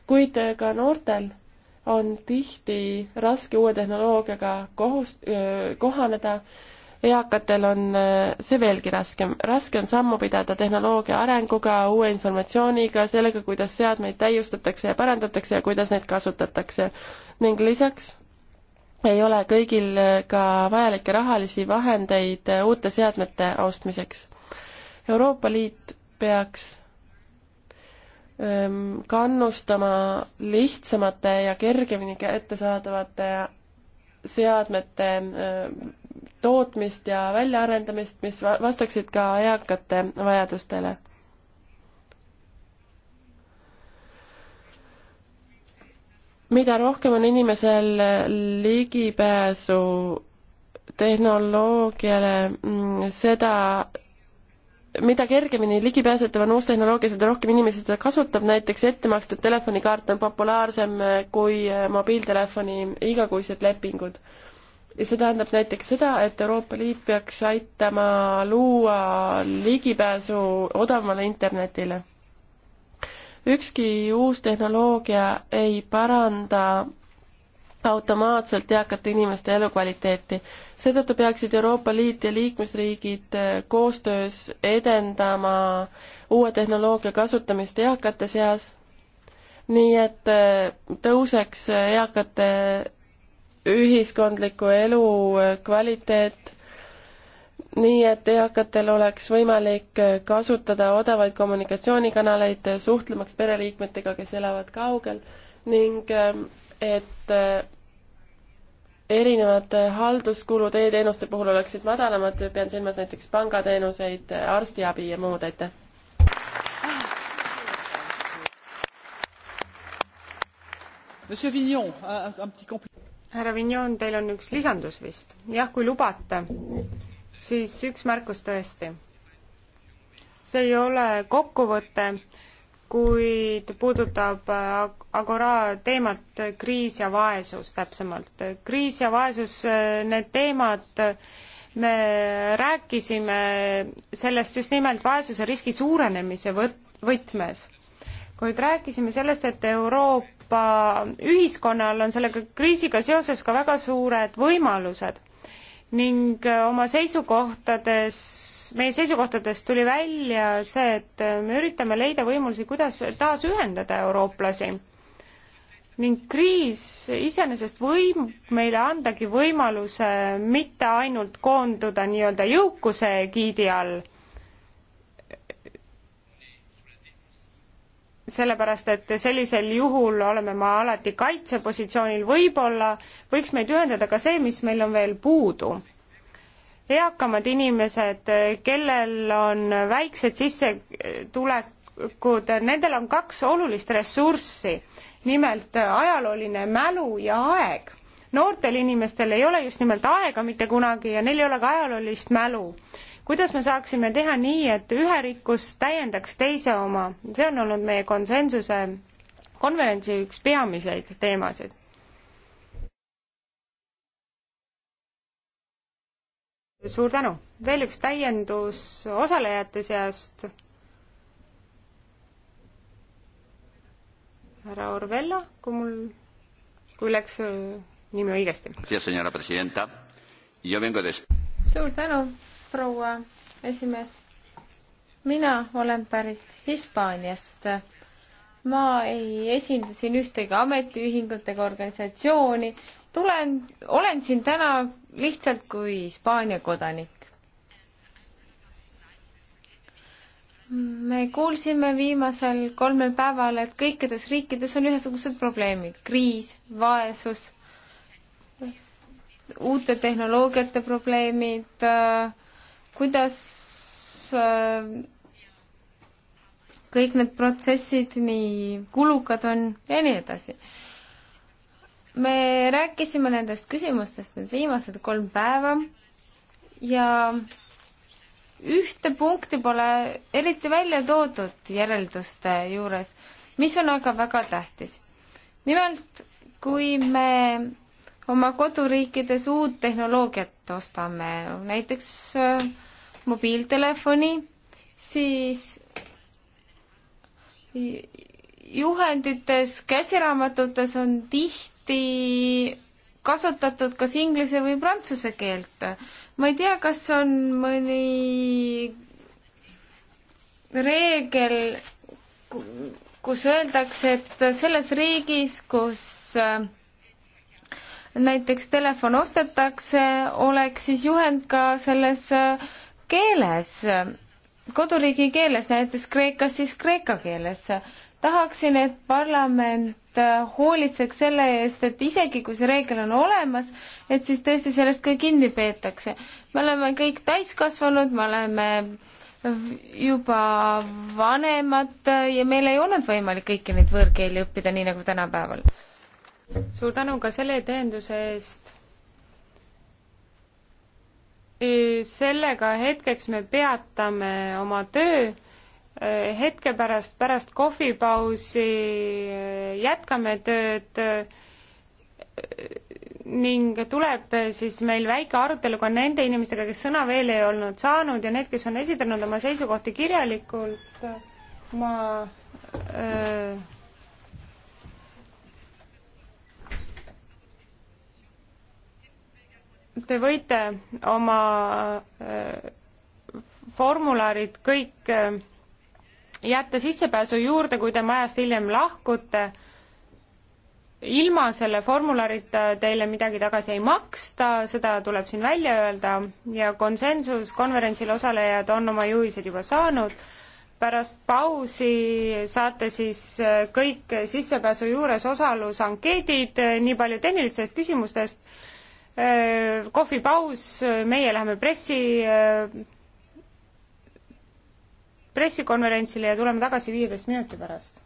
kuid ka noortel on tihti raske uue tehnoloogiaga kohust-, kohaneda, eakatel on see veelgi raskem. raske on sammu pidada tehnoloogia arenguga, uue informatsiooniga, sellega, kuidas seadmeid täiustatakse ja parandatakse ja kuidas neid kasutatakse. ning lisaks ei ole kõigil ka vajalikke rahalisi vahendeid uute seadmete ostmiseks. Euroopa Liit peaks ähm, kannustama lihtsamate ja kergemini kättesaadavate seadmete ähm, tootmist ja väljaarendamist, mis vastaksid ka eakate vajadustele mida rohkem on inimesel ligipääsu tehnoloogiale, mm, seda mida kergemini ligipääsetav on uus tehnoloogia, seda rohkem inimesi seda kasutab, näiteks ettemakstud telefonikaart on populaarsem kui äh, mobiiltelefoni igakuised lepingud. ja see tähendab näiteks seda, et Euroopa Liit peaks aitama luua ligipääsu odavamale internetile ükski uus tehnoloogia ei paranda automaatselt eakate inimeste elukvaliteeti. seetõttu peaksid Euroopa Liit ja liikmesriigid eh, koostöös edendama uue tehnoloogia kasutamist eakate seas, nii et eh, tõuseks eakate ühiskondliku elu eh, kvaliteet nii et eakatel oleks võimalik kasutada odavaid kommunikatsioonikanaleid suhtlemaks pereliikmetega, kes elavad kaugel ning ähm, et äh, erinevad halduskulud e-teenuste puhul oleksid madalamad, pean silmas näiteks pangateenuseid, arstiabi ja muud, aitäh. härra Vignon, teil on üks lisandus vist, jah, kui lubate siis üks märkus tõesti. see ei ole kokkuvõte, kuid puudutab Agora teemat kriis ja vaesus täpsemalt. kriis ja vaesus, need teemad me rääkisime sellest just nimelt vaesuse riski suurenemise võt-, võtmes. kuid rääkisime sellest, et Euroopa ühiskonnal on sellega kriisiga seoses ka väga suured võimalused ning äh, oma seisukohtades, meie seisukohtadest tuli välja see, et äh, me üritame leida võimalusi, kuidas taas ühendada eurooplasi. ning kriis iseenesest võib meile andagi võimaluse mitte ainult koonduda nii-öelda jõukuse giidi all sellepärast et sellisel juhul oleme ma alati kaitsepositsioonil, võib-olla võiks meid ühendada ka see, mis meil on veel puudu. eakamad inimesed, kellel on väiksed sissetulekud, nendel on kaks olulist ressurssi, nimelt ajalooline mälu ja aeg. noortel inimestel ei ole just nimelt aega mitte kunagi ja neil ei ole ka ajaloolist mälu kuidas me saaksime teha nii, et ühe rikkus täiendaks teise oma, see on olnud meie konsensuse konverentsi üks peamiseid teemasid. suur tänu, veel üks täiendus osalejate seast. härra Orvella, kui mul, kui läks äh, nimi õigesti. suur tänu, proua esimees. mina olen pärit Hispaaniast. ma ei esinda siin ühtegi ametiühingut ega organisatsiooni. tulen, olen siin täna lihtsalt kui Hispaania kodanik. me kuulsime viimasel kolmel päeval, et kõikides riikides on ühesugused probleemid, kriis, vaesus, uute tehnoloogiate probleemid äh,, kuidas äh, kõik need protsessid nii kulukad on ja nii edasi. me rääkisime nendest küsimustest nüüd viimased kolm päeva ja ühte punkti pole eriti välja toodud järelduste juures, mis on aga väga tähtis. nimelt, kui me oma koduriikides uut tehnoloogiat ostame, näiteks äh, mobiiltelefoni, siis juhendites, käsiraamatutes on tihti kasutatud kas inglise või prantsuse keelt. ma ei tea, kas on mõni reegel, kus öeldakse, et selles riigis, kus äh, näiteks telefon ostetakse, oleks siis juhend ka selles äh, keeles, koduriigi keeles, näiteks Kreekas siis kreeka keeles. tahaksin, et parlament äh, hoolitseks selle eest, et isegi kui see reegel on olemas, et siis tõesti sellest ka kinni peetakse. me oleme kõik täiskasvanud, me oleme juba vanemad ja meil ei olnud võimalik kõiki neid võõrkeeli õppida, nii nagu tänapäeval suur tänu ka selle teeninduse eest. sellega hetkeks me peatame oma töö. hetke pärast, pärast kohvipausi jätkame tööd ning tuleb siis meil väike arutelu ka nende inimestega, kes sõna veel ei olnud saanud ja need, kes on esitanud oma seisukohti kirjalikult, ma öö, te võite oma äh, formularid kõik äh, jätta sissepääsu juurde, kui te majast hiljem lahkute. ilma selle formularita teile midagi tagasi ei maksta, seda tuleb siin välja öelda ja konsensus, konverentsil osalejad on oma juhised juba saanud. pärast pausi saate siis äh, kõik sissepääsu juures osalusankeedid, nii palju tehnilistest küsimustest Äh, kohvipaus, äh, meie läheme pressi, äh, pressikonverentsile ja tuleme tagasi viieteist minuti pärast